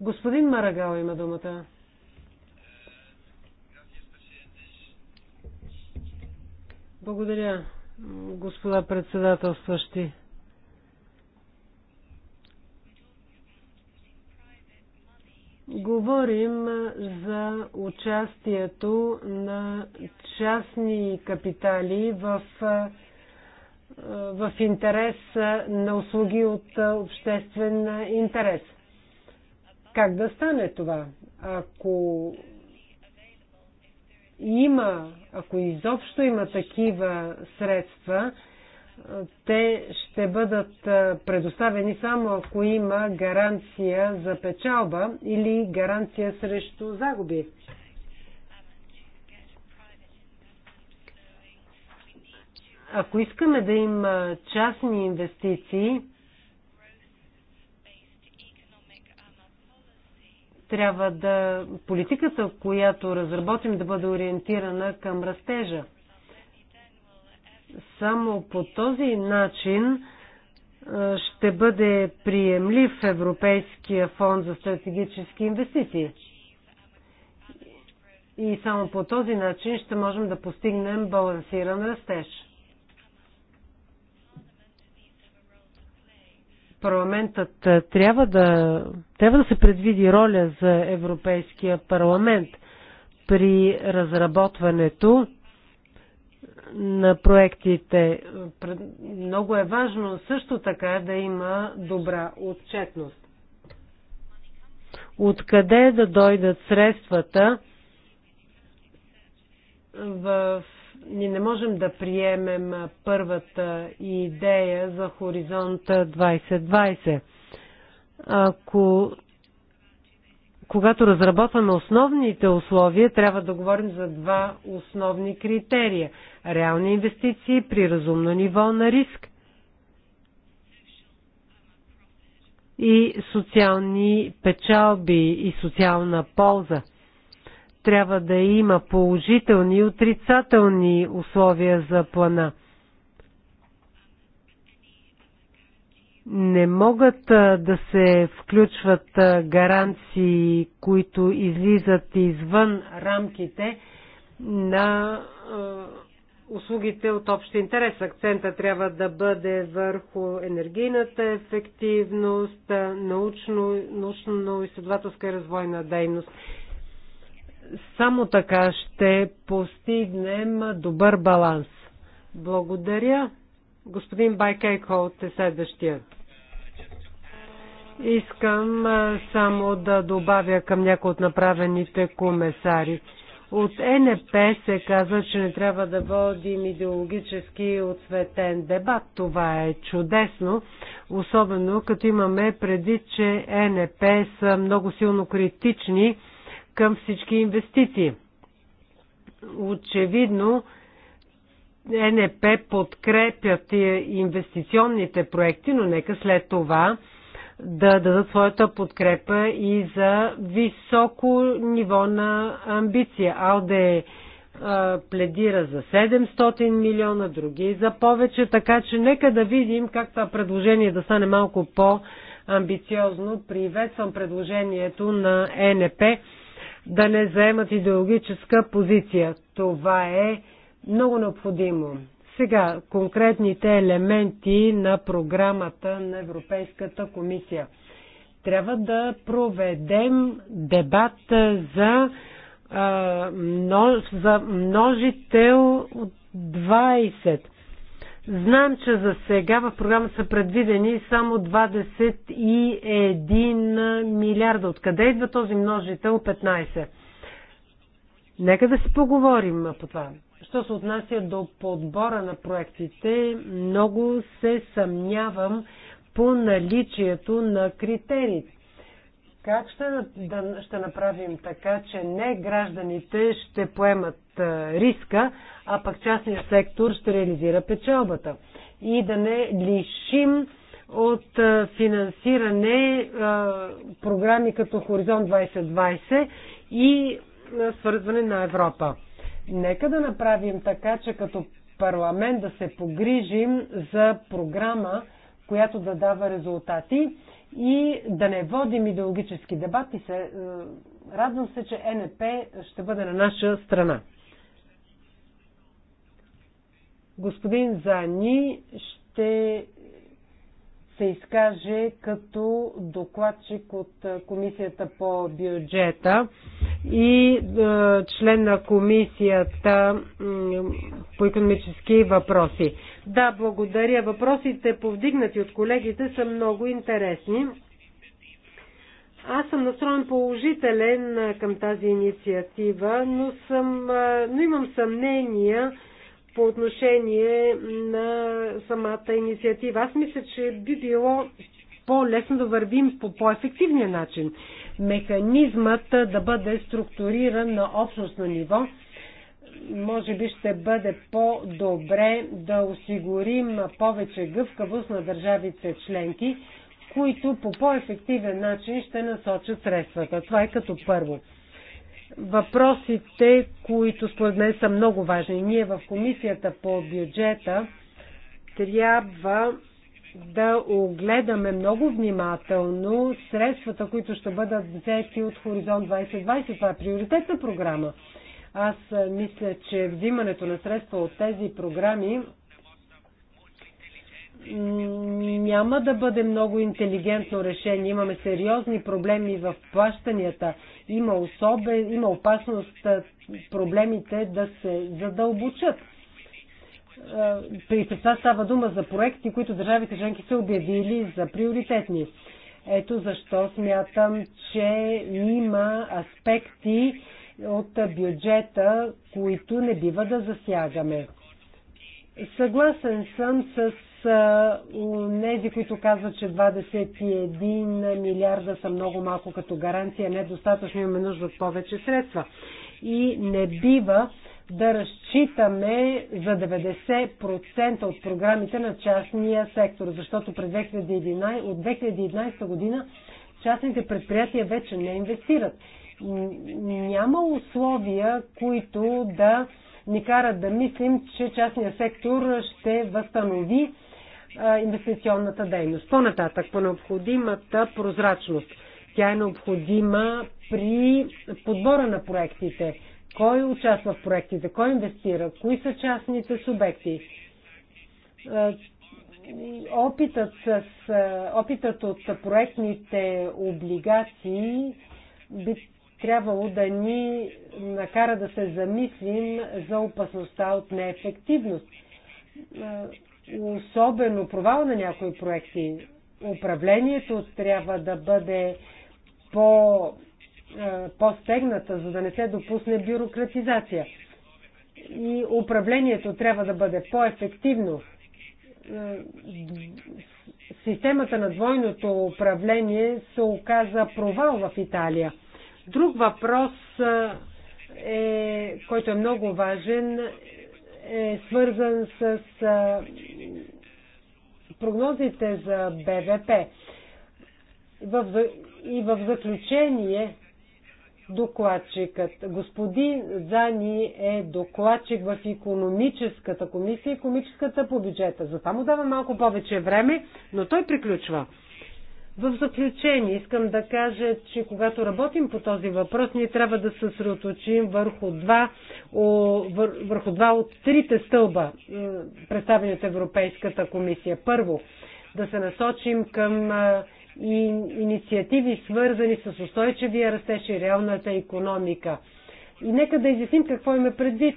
Господин Марагал има думата. Благодаря, господа председателстващи. Говорим за участието на частни капитали в, в интерес на услуги от обществен интерес. Как да стане това? Ако има, ако изобщо има такива средства, те ще бъдат предоставени само ако има гаранция за печалба или гаранция срещу загуби. Ако искаме да има частни инвестиции, трябва да политиката, която разработим, да бъде ориентирана към растежа. Само по този начин ще бъде приемлив Европейския фонд за стратегически инвестиции. И само по този начин ще можем да постигнем балансиран растеж. Парламентът трябва да, трябва да се предвиди роля за Европейския парламент при разработването на проектите. Много е важно също така да има добра отчетност. Откъде да дойдат средствата? В... Ние не можем да приемем първата идея за хоризонт 2020. Ако когато разработваме основните условия, трябва да говорим за два основни критерия. Реални инвестиции при разумно ниво на риск и социални печалби и социална полза. Трябва да има положителни и отрицателни условия за плана – не могат да се включват гаранции, които излизат извън рамките на услугите от общ интерес. Акцента трябва да бъде върху енергийната ефективност, научно, научно-изследователска и развойна дейност. Само така ще постигнем добър баланс. Благодаря. Господин Байкейко от е следващия. Искам само да добавя към някои от направените комесари. От НП се казва, че не трябва да водим идеологически отсветен дебат. Това е чудесно, особено като имаме преди, че НП са много силно критични към всички инвестиции. Очевидно, НП подкрепят инвестиционните проекти, но нека след това да дадат своята подкрепа и за високо ниво на амбиция. Алде пледира за 700 милиона, други за повече, така че нека да видим как това предложение да стане малко по-амбициозно. Приветствам предложението на е НП да не заемат идеологическа позиция. Това е много необходимо. Сега, конкретните елементи на програмата на Европейската комисия. Трябва да проведем дебат за, а, множ, за множител 20. Знам, че за сега в програма са предвидени само 21 милиарда. Откъде идва този множител 15? Нека да си поговорим по това. Що се отнася до подбора на проектите, много се съмнявам по наличието на критериите. Как ще, да, ще направим така, че не гражданите ще поемат риска, а пък частният сектор ще реализира печалбата? И да не лишим от финансиране програми като Хоризонт 2020 и свързване на Европа. Нека да направим така, че като парламент да се погрижим за програма, която да дава резултати и да не водим идеологически дебати. Се, е, радвам се, че НП ще бъде на наша страна. Господин Зани ще се изкаже като докладчик от Комисията по бюджета и член на Комисията по економически въпроси. Да, благодаря. Въпросите, повдигнати от колегите, са много интересни. Аз съм настроен положителен към тази инициатива, но, съм, но имам съмнения по отношение на самата инициатива. Аз мисля, че би било по-лесно да вървим по по-ефективния начин. Механизмът да бъде структуриран на общностно ниво, може би ще бъде по-добре да осигурим повече гъвкавост на държавите членки, които по по-ефективен начин ще насочат средствата. Това е като първо въпросите, които според мен са много важни. Ние в комисията по бюджета трябва да огледаме много внимателно средствата, които ще бъдат взети от Хоризонт 2020. Това е приоритетна програма. Аз мисля, че взимането на средства от тези програми няма да бъде много интелигентно решение. Имаме сериозни проблеми в плащанията. Има, особен, има опасност проблемите да се задълбочат. При това става дума за проекти, които държавите членки са обявили за приоритетни. Ето защо смятам, че има аспекти от бюджета, които не бива да засягаме. Съгласен съм с са нези, които казват, че 21 милиарда са много малко като гаранция, не достатъчно имаме нужда от повече средства. И не бива да разчитаме за 90% от програмите на частния сектор, защото през 2011, от 2011 година частните предприятия вече не инвестират. Няма условия, които да ни карат да мислим, че частния сектор ще възстанови инвестиционната дейност. По-нататък, по необходимата прозрачност. Тя е необходима при подбора на проектите. Кой участва в проектите, кой инвестира, кои са частните субекти. Опитът, с, опитът от проектните облигации би трябвало да ни накара да се замислим за опасността от неефективност особено провал на някои проекти. Управлението трябва да бъде по, по-стегната, за да не се допусне бюрократизация. И управлението трябва да бъде по-ефективно. Системата на двойното управление се оказа провал в Италия. Друг въпрос, е, който е много важен, е свързан с прогнозите за БВП. И в заключение докладчикът. Господин Зани е докладчик в економическата комисия, економическата по бюджета. Затова му дава малко повече време, но той приключва. В заключение искам да кажа, че когато работим по този въпрос, ние трябва да се съсредоточим върху два, върху два от трите стълба, представени от Европейската комисия. Първо, да се насочим към инициативи, свързани с устойчивия растеж и реалната економика. И нека да изясним какво има предвид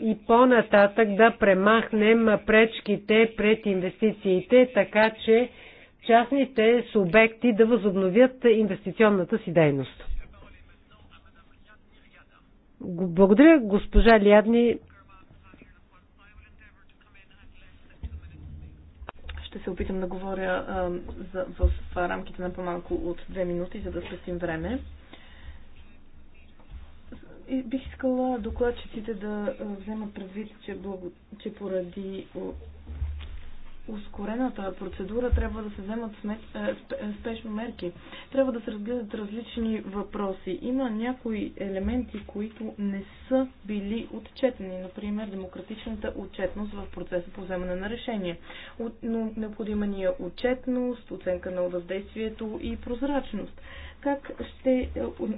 и по-нататък да премахнем пречките пред инвестициите, така че частните субекти да възобновят инвестиционната си дейност. Благодаря, госпожа Лядни. Ще се опитам да говоря а, за, в рамките на по-малко от две минути, за да спестим време. И бих искала докладчиците да вземат предвид, че, благо, че поради ускорената процедура трябва да се вземат е, е, спешно мерки. Трябва да се разгледат различни въпроси. Има някои елементи, които не са били отчетени, например демократичната отчетност в процеса по вземане на решение. Но необходима ни е отчетност, оценка на въздействието и прозрачност как ще е,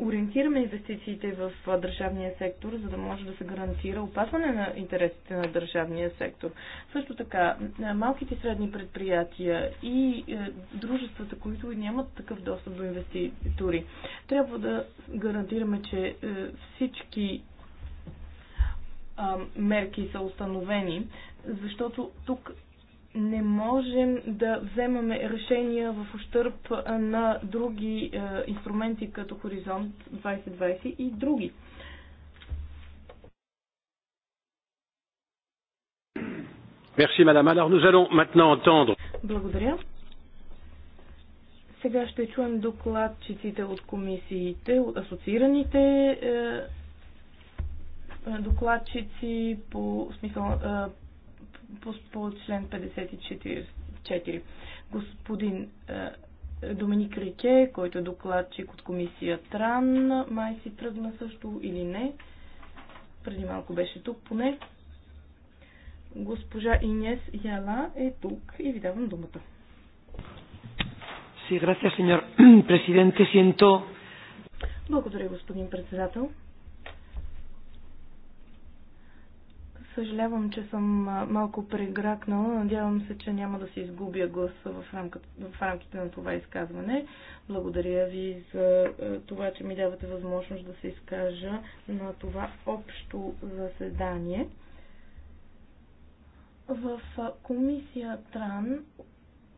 ориентираме инвестициите в държавния сектор, за да може да се гарантира опазване на интересите на държавния сектор. Също така, малките и средни предприятия и е, дружествата, които нямат такъв достъп до инвеститори, трябва да гарантираме, че е, всички мерки са установени, защото тук не можем да вземаме решения в ущърп на други инструменти като Хоризонт 2020 и други. Merci, madame. Alors, nous allons maintenant entendre. Благодаря. Сега ще чуем докладчиците от комисиите, от асоциираните е, е докладчици по смисъл е, по, по член 54. Господин е, Доминик Рике, който е докладчик от комисия Тран, май си тръгна също или не. Преди малко беше тук поне. Госпожа Инес Яла е тук и ви давам думата. Sí, gracias, señor presidente. Siento... Благодаря, господин председател. Съжалявам, че съм малко прегракнала. Надявам се, че няма да се изгубя глас в, в рамките на това изказване. Благодаря ви за това, че ми давате възможност да се изкажа на това общо заседание. В комисия Тран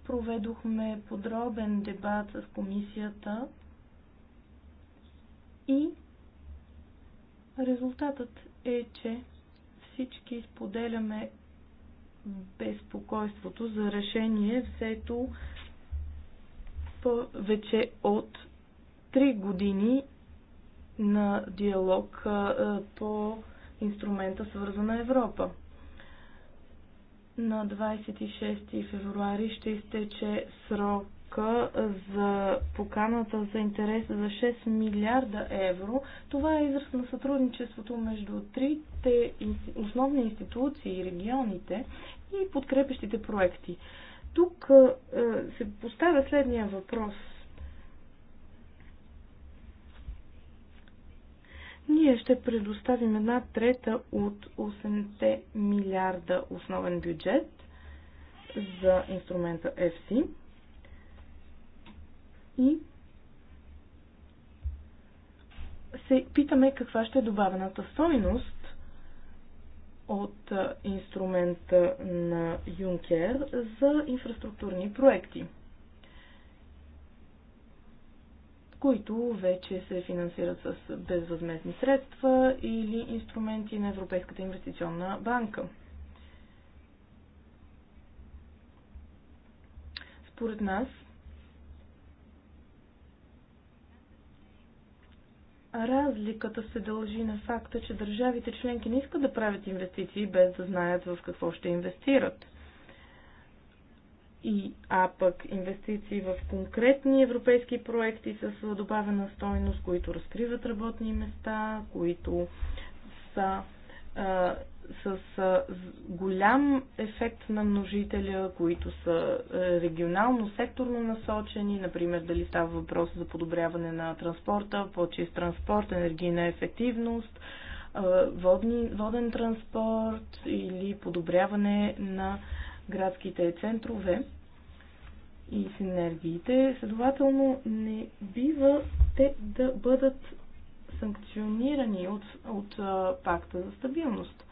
проведохме подробен дебат с комисията и резултатът е, че всички споделяме безпокойството за решение взето вече от 3 години на диалог по инструмента Свързана Европа. На 26 февруари ще изтече срок сметка за поканата за интерес за 6 милиарда евро. Това е израз на сътрудничеството между трите основни институции и регионите и подкрепещите проекти. Тук е, се поставя следния въпрос. Ние ще предоставим една трета от 8 милиарда основен бюджет за инструмента FC и се питаме каква ще е добавената стойност от инструмента на Юнкер за инфраструктурни проекти, които вече се финансират с безвъзмезни средства или инструменти на Европейската инвестиционна банка. Според нас Разликата се дължи на факта, че държавите членки не искат да правят инвестиции без да знаят в какво ще инвестират. И, а пък инвестиции в конкретни европейски проекти с добавена стойност, които разкриват работни места, които са с голям ефект на множителя, които са регионално, секторно насочени, например дали става въпрос за подобряване на транспорта, по-чист транспорт, енергийна ефективност, водни, воден транспорт или подобряване на градските центрове и синергиите. Следователно не бива те да бъдат санкционирани от, от пакта за стабилност.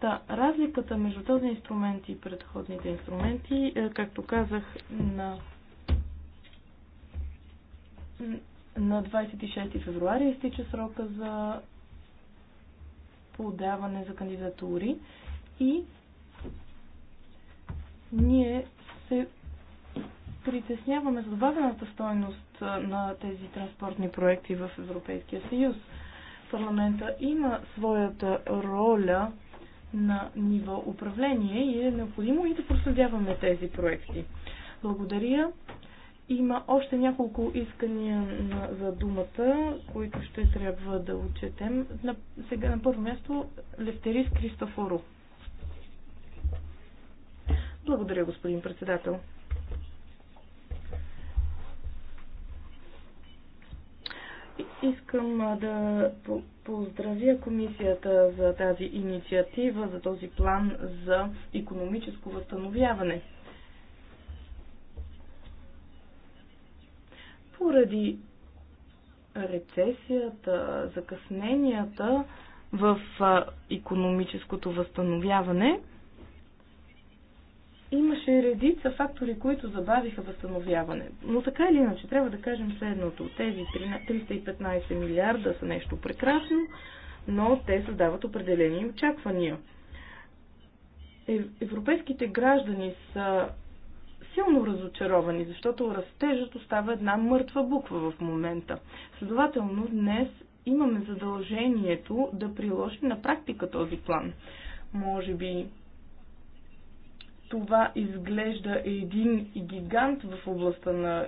Та, разликата между този инструмент и предходните инструменти, е, както казах, на на 26 февруари изтича срока за подаване за кандидатури и ние се притесняваме с добавената стойност на тези транспортни проекти в Европейския съюз. Парламента има своята роля на ниво управление и е необходимо и да проследяваме тези проекти. Благодаря. Има още няколко искания за думата, които ще трябва да отчетем. На, сега на първо място Левтерис Кристофоро. Благодаря, господин председател. Искам да поздравя комисията за тази инициатива, за този план за економическо възстановяване. Поради рецесията, закъсненията в економическото възстановяване, имаше редица фактори, които забавиха възстановяване. Но така или иначе, трябва да кажем следното. Тези 315 милиарда са нещо прекрасно, но те създават определени очаквания. Е, европейските граждани са силно разочаровани, защото растежът остава една мъртва буква в момента. Следователно, днес имаме задължението да приложим на практика този план. Може би това изглежда един гигант в областта на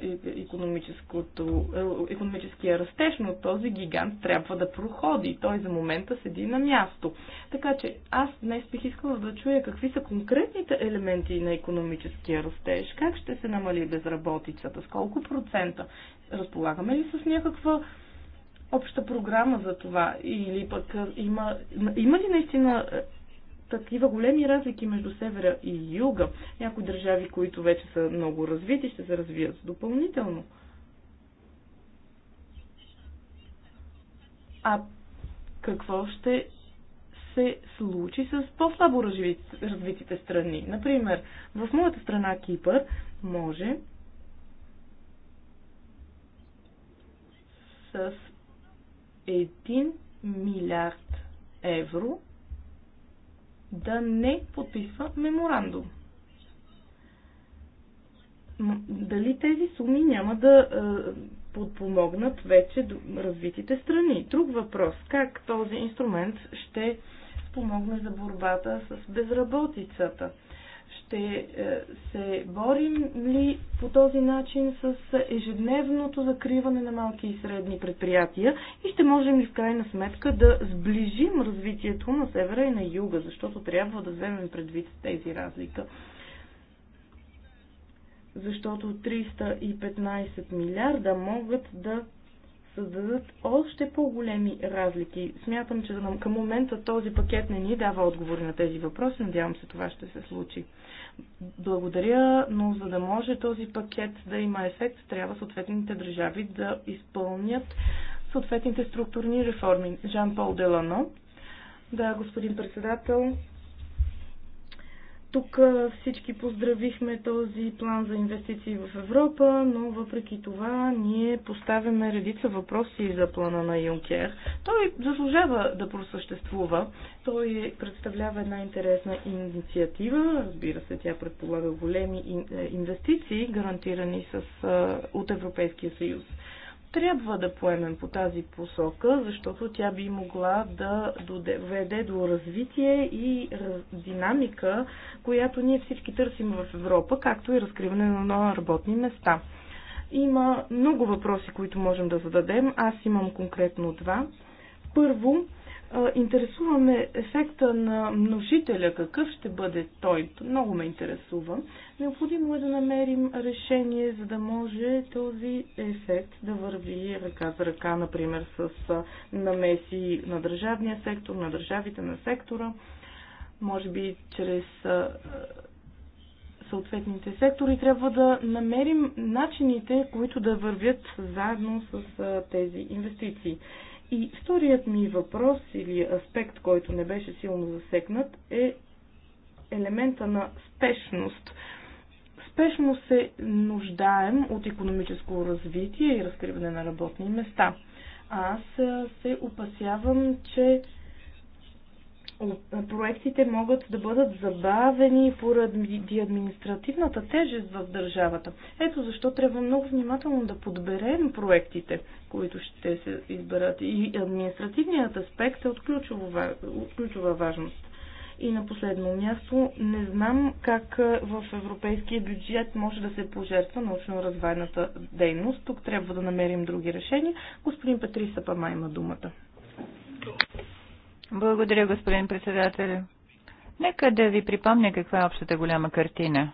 економическия е, растеж, но този гигант трябва да проходи. Той за момента седи на място. Така че аз днес бих искала да чуя какви са конкретните елементи на економическия растеж, как ще се намали безработицата, с колко процента, разполагаме ли с някаква обща програма за това или пък е, има, има ли наистина е, такива големи разлики между севера и юга. Някои държави, които вече са много развити, ще се развият допълнително. А какво ще се случи с по-слабо развитите страни? Например, в моята страна Кипър може с 1 милиард евро да не подписва меморандум. Дали тези суми няма да е, подпомогнат вече развитите страни? Друг въпрос. Как този инструмент ще помогне за борбата с безработицата? Ще е, се борим ли по този начин с ежедневното закриване на малки и средни предприятия и ще можем ли в крайна сметка да сближим развитието на севера и на юга, защото трябва да вземем предвид тези разлика защото 315 милиарда могат да създадат още по-големи разлики. Смятам, че към момента този пакет не ни дава отговори на тези въпроси. Надявам се това ще се случи. Благодаря, но за да може този пакет да има ефект, трябва съответните държави да изпълнят съответните структурни реформи. Жан-Пол Делано. Да, господин председател, тук всички поздравихме този план за инвестиции в Европа, но въпреки това ние поставяме редица въпроси за плана на Юнкер. Той заслужава да просъществува. Той представлява една интересна инициатива. Разбира се, тя предполага големи е, инвестиции, гарантирани с, от Европейския съюз трябва да поемем по тази посока, защото тя би могла да доведе до развитие и динамика, която ние всички търсим в Европа, както и разкриване на нови работни места. Има много въпроси, които можем да зададем. Аз имам конкретно два. Първо, интересуваме ефекта на множителя, какъв ще бъде той. Много ме интересува. Необходимо е да намерим решение, за да може този ефект да върви ръка за ръка, например, с намеси на държавния сектор, на държавите на сектора, може би чрез съответните сектори, трябва да намерим начините, които да вървят заедно с тези инвестиции. И вторият ми въпрос или аспект, който не беше силно засекнат, е елемента на спешност. Спешно се нуждаем от економическо развитие и разкриване на работни места. Аз се опасявам, че проектите могат да бъдат забавени поради административната тежест в държавата. Ето защо трябва много внимателно да подберем проектите, които ще се изберат. И административният аспект е от ключова, важност. И на последно място, не знам как в европейския бюджет може да се пожертва научно-развайната дейност. Тук трябва да намерим други решения. Господин Петри Сапама има думата. Благодаря, господин председател. Нека да ви припомня каква е общата голяма картина.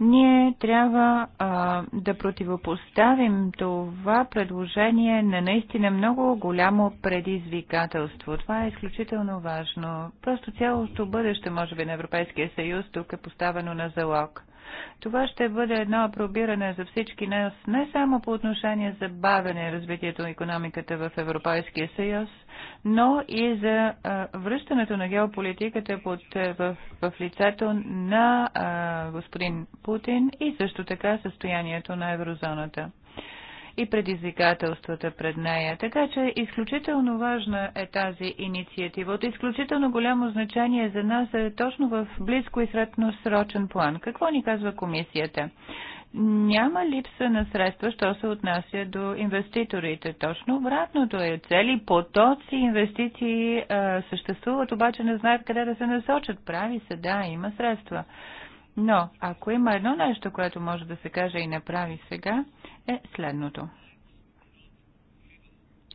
Ние трябва а, да противопоставим това предложение на наистина много голямо предизвикателство. Това е изключително важно. Просто цялото бъдеще, може би, на Европейския съюз тук е поставено на залог. Това ще бъде едно апробиране за всички нас, не само по отношение за бавене развитието на економиката в Европейския съюз, но и за а, връщането на геополитиката под, в, в лицето на а, господин Путин и също така състоянието на еврозоната и предизвикателствата пред нея. Така че изключително важна е тази инициатива. От изключително голямо значение за нас е точно в близко и средносрочен план. Какво ни казва комисията? няма липса на средства, що се отнася до инвеститорите. Точно обратното е. Цели потоци инвестиции а, съществуват, обаче не знаят къде да се насочат. Прави се, да, има средства. Но, ако има едно нещо, което може да се каже и направи сега, е следното.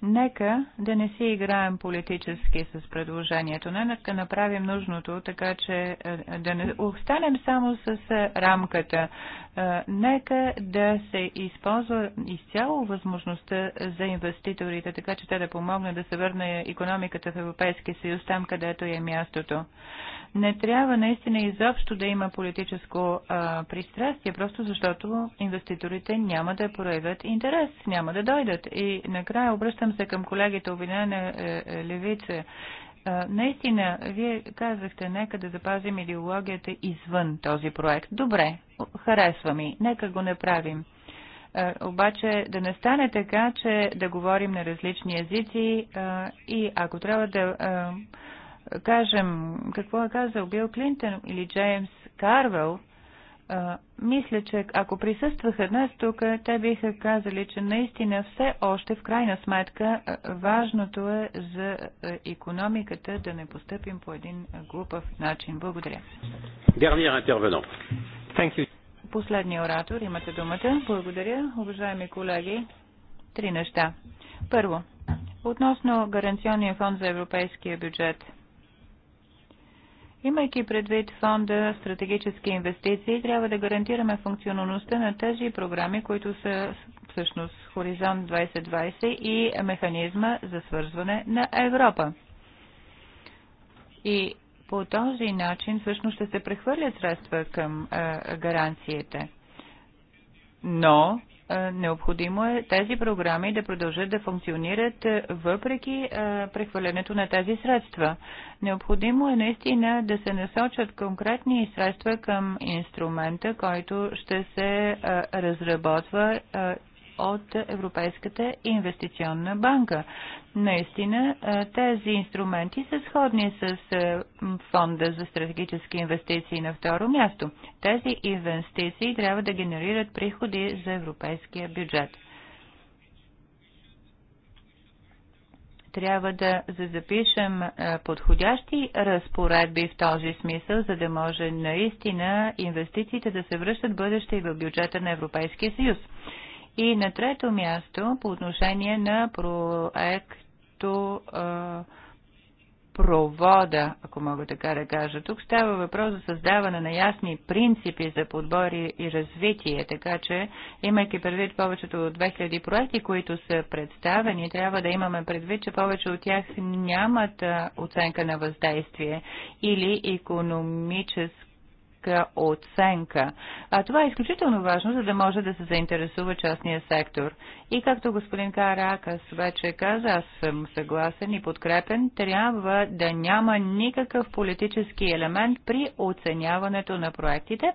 Нека да не си играем политически с предложението. Нека направим нужното, така че е, да не останем само с е, рамката. Е, нека да се използва изцяло възможността за инвеститорите, така че те да помогнат да се върне економиката в Европейския съюз там, където е мястото. Не трябва наистина изобщо да има политическо а, пристрастие, просто защото инвеститорите няма да проявят интерес, няма да дойдат. И накрая обръщам се към колегите обвинена е, е, левица. Наистина, вие казахте, нека да запазим идеологията извън този проект. Добре, харесва ми, нека го направим обаче да не стане така, че да говорим на различни езици а, и ако трябва да а, кажем какво е казал Бил Клинтон или Джеймс Карвел, мисля, че ако присъстваха днес тук, те биха казали, че наистина все още в крайна сметка важното е за економиката да не постъпим по един глупав начин. Благодаря. Dernier Последния оратор, имате думата. Благодаря, уважаеми колеги. Три неща. Първо, относно гаранционния фонд за европейския бюджет – Имайки предвид фонда стратегически инвестиции, трябва да гарантираме функционалността на тези програми, които са всъщност Хоризонт 2020 и механизма за свързване на Европа. И по този начин всъщност ще се прехвърлят средства към гаранциите. Но е, необходимо е тези програми да продължат да функционират е, въпреки е, прехвърлянето на тези средства. Необходимо е наистина да се насочат конкретни средства към инструмента, който ще се разработва от Европейската инвестиционна банка. Наистина, тези инструменти са сходни с фонда за стратегически инвестиции на второ място. Тези инвестиции трябва да генерират приходи за европейския бюджет. трябва да запишем подходящи разпоредби в този смисъл, за да може наистина инвестициите да се връщат бъдеще и в бюджета на Европейския съюз. И на трето място, по отношение на проекто а, провода, ако мога така да кажа. Тук става въпрос за създаване на ясни принципи за подбор и развитие, така че, имайки предвид повечето от 2000 проекти, които са представени, трябва да имаме предвид, че повече от тях нямат оценка на въздействие или економическа риска оценка. А това е изключително важно, за да може да се заинтересува частния сектор. И както господин Каракас вече каза, аз съм съгласен и подкрепен, трябва да няма никакъв политически елемент при оценяването на проектите,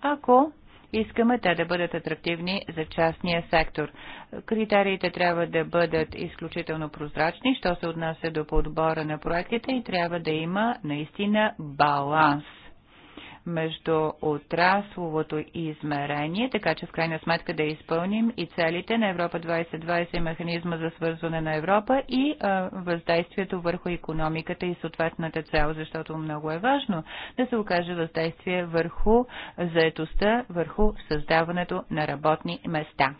ако искаме те да бъдат атрактивни за частния сектор. Критериите трябва да бъдат изключително прозрачни, що се отнася до подбора на проектите и трябва да има наистина баланс между отрасловото измерение, така че в крайна сметка да изпълним и целите на Европа 2020 и механизма за свързване на Европа и а, въздействието върху економиката и съответната цел, защото много е важно да се окаже въздействие върху заетостта, върху създаването на работни места.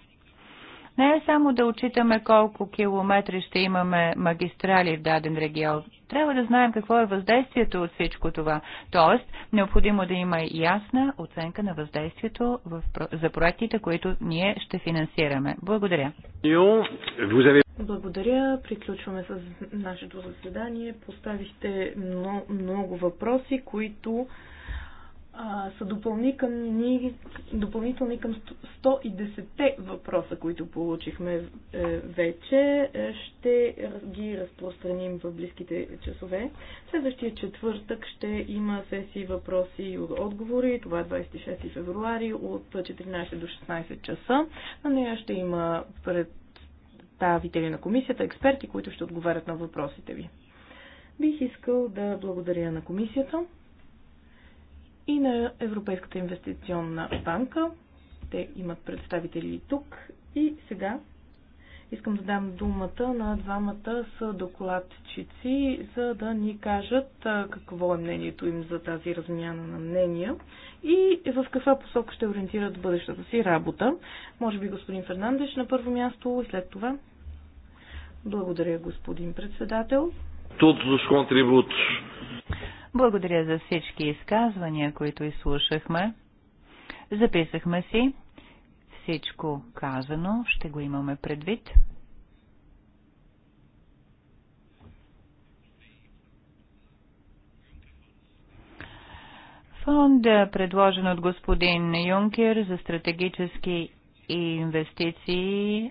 Не е само да отчитаме колко километри ще имаме магистрали в даден регион. Трябва да знаем какво е въздействието от всичко това. Тоест, необходимо да има ясна оценка на въздействието в, за проектите, които ние ще финансираме. Благодаря. Благодаря. Приключваме с нашето заседание. Поставихте много въпроси, които а, са ни, допълнителни към 110 въпроса, които получихме е, вече. Е, ще ги разпространим в близките часове. Следващия четвъртък ще има сесии въпроси и отговори. Това е 26 февруари от 14 до 16 часа. На нея ще има представители на комисията, експерти, които ще отговарят на въпросите ви. Бих искал да благодаря на комисията и на Европейската инвестиционна банка. Те имат представители тук. И сега искам да дам думата на двамата са докладчици, за да ни кажат какво е мнението им за тази размяна на мнения и в каква посока ще ориентират бъдещата си работа. Може би господин Фернандеш на първо място и след това. Благодаря, господин председател. Тут за contributos благодаря за всички изказвания, които изслушахме. Записахме си всичко казано, ще го имаме предвид. Фонд, предложен от господин Юнкер за стратегически и инвестиции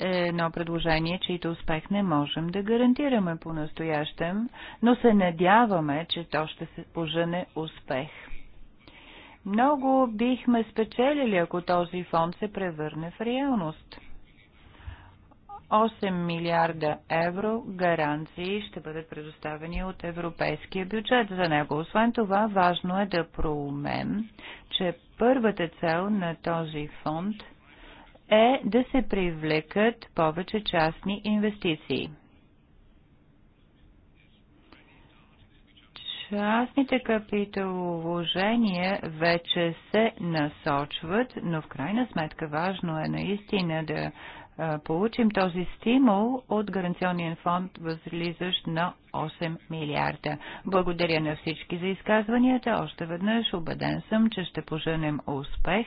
е едно предложение, чието успех не можем да гарантираме по-настоящем, но се надяваме, че то ще се пожене успех. Много бихме спечелили, ако този фонд се превърне в реалност. 8 милиарда евро гаранции ще бъдат предоставени от европейския бюджет за него. Освен това, важно е да проумем, че първата цел на този фонд е да се привлекат повече частни инвестиции. частните капиталовложения вече се насочват, но в крайна сметка важно е наистина да получим този стимул от гаранционния фонд, възлизащ на 8 милиарда. Благодаря на всички за изказванията. Още веднъж убеден съм, че ще поженем успех.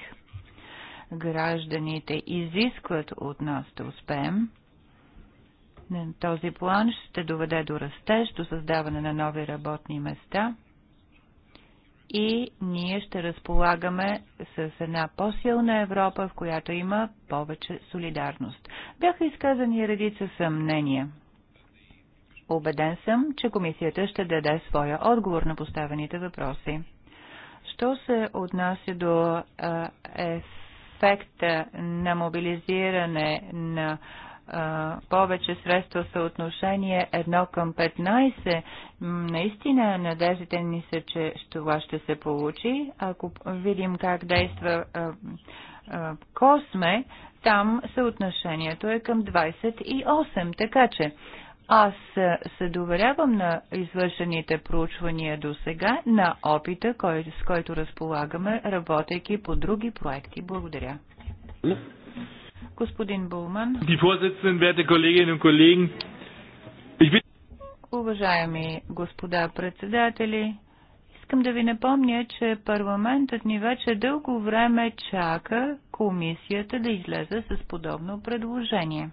Гражданите изискват от нас да успеем. Този план ще доведе до растеж, до създаване на нови работни места – и ние ще разполагаме с една по-силна Европа, в която има повече солидарност. Бяха изказани редица съмнения. Обеден съм, че комисията ще даде своя отговор на поставените въпроси. Що се отнася до ефекта на мобилизиране на повече средства съотношение 1 към 15. Наистина надеждите ни са, че това ще се получи. Ако видим как действа Косме, там съотношението е към 28. Така че аз се доверявам на извършените проучвания до сега, на опита, кой, с който разполагаме, работейки по други проекти. Благодаря. Господин Булман. Уважаеми господа председатели, искам да ви напомня, че парламентът ни вече дълго време чака комисията да излезе с подобно предложение.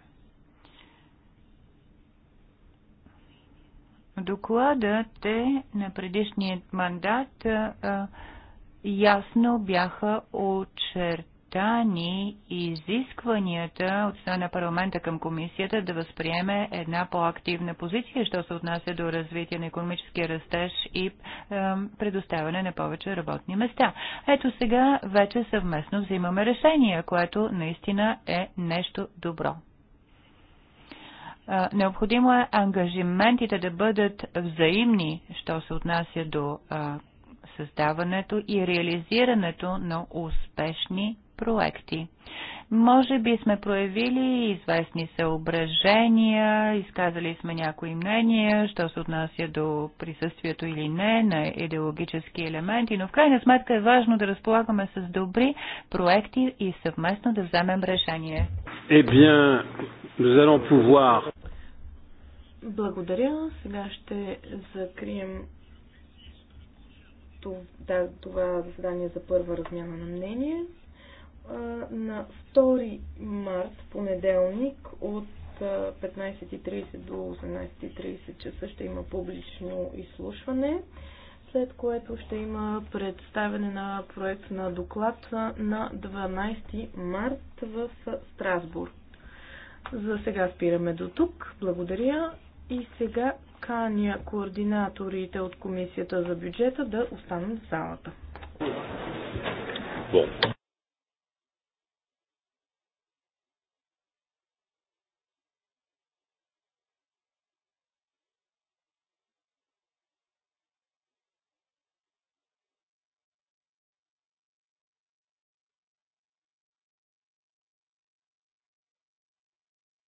Докладът е на предишният мандат ясно бяха очертани очертани изискванията от страна на парламента към комисията да възприеме една по-активна позиция, що се отнася до развитие на економическия растеж и е, предоставяне на повече работни места. Ето сега вече съвместно взимаме решение, което наистина е нещо добро. Е, необходимо е ангажиментите да бъдат взаимни, що се отнася до е, създаването и реализирането на успешни проекти. Може би сме проявили известни съображения, изказали сме някои мнения, що се отнася до присъствието или не на идеологически елементи, но в крайна сметка е важно да разполагаме с добри проекти и съвместно да вземем решение. Е, bien, nous allons pouvoir... Благодаря. Сега ще закрием това, това заседание за първа размяна на мнение на 2 март, понеделник, от 15.30 до 18.30 часа ще има публично изслушване, след което ще има представяне на проект на доклад на 12 март в Страсбург. За сега спираме до тук. Благодаря. И сега каня координаторите от Комисията за бюджета да останат в залата.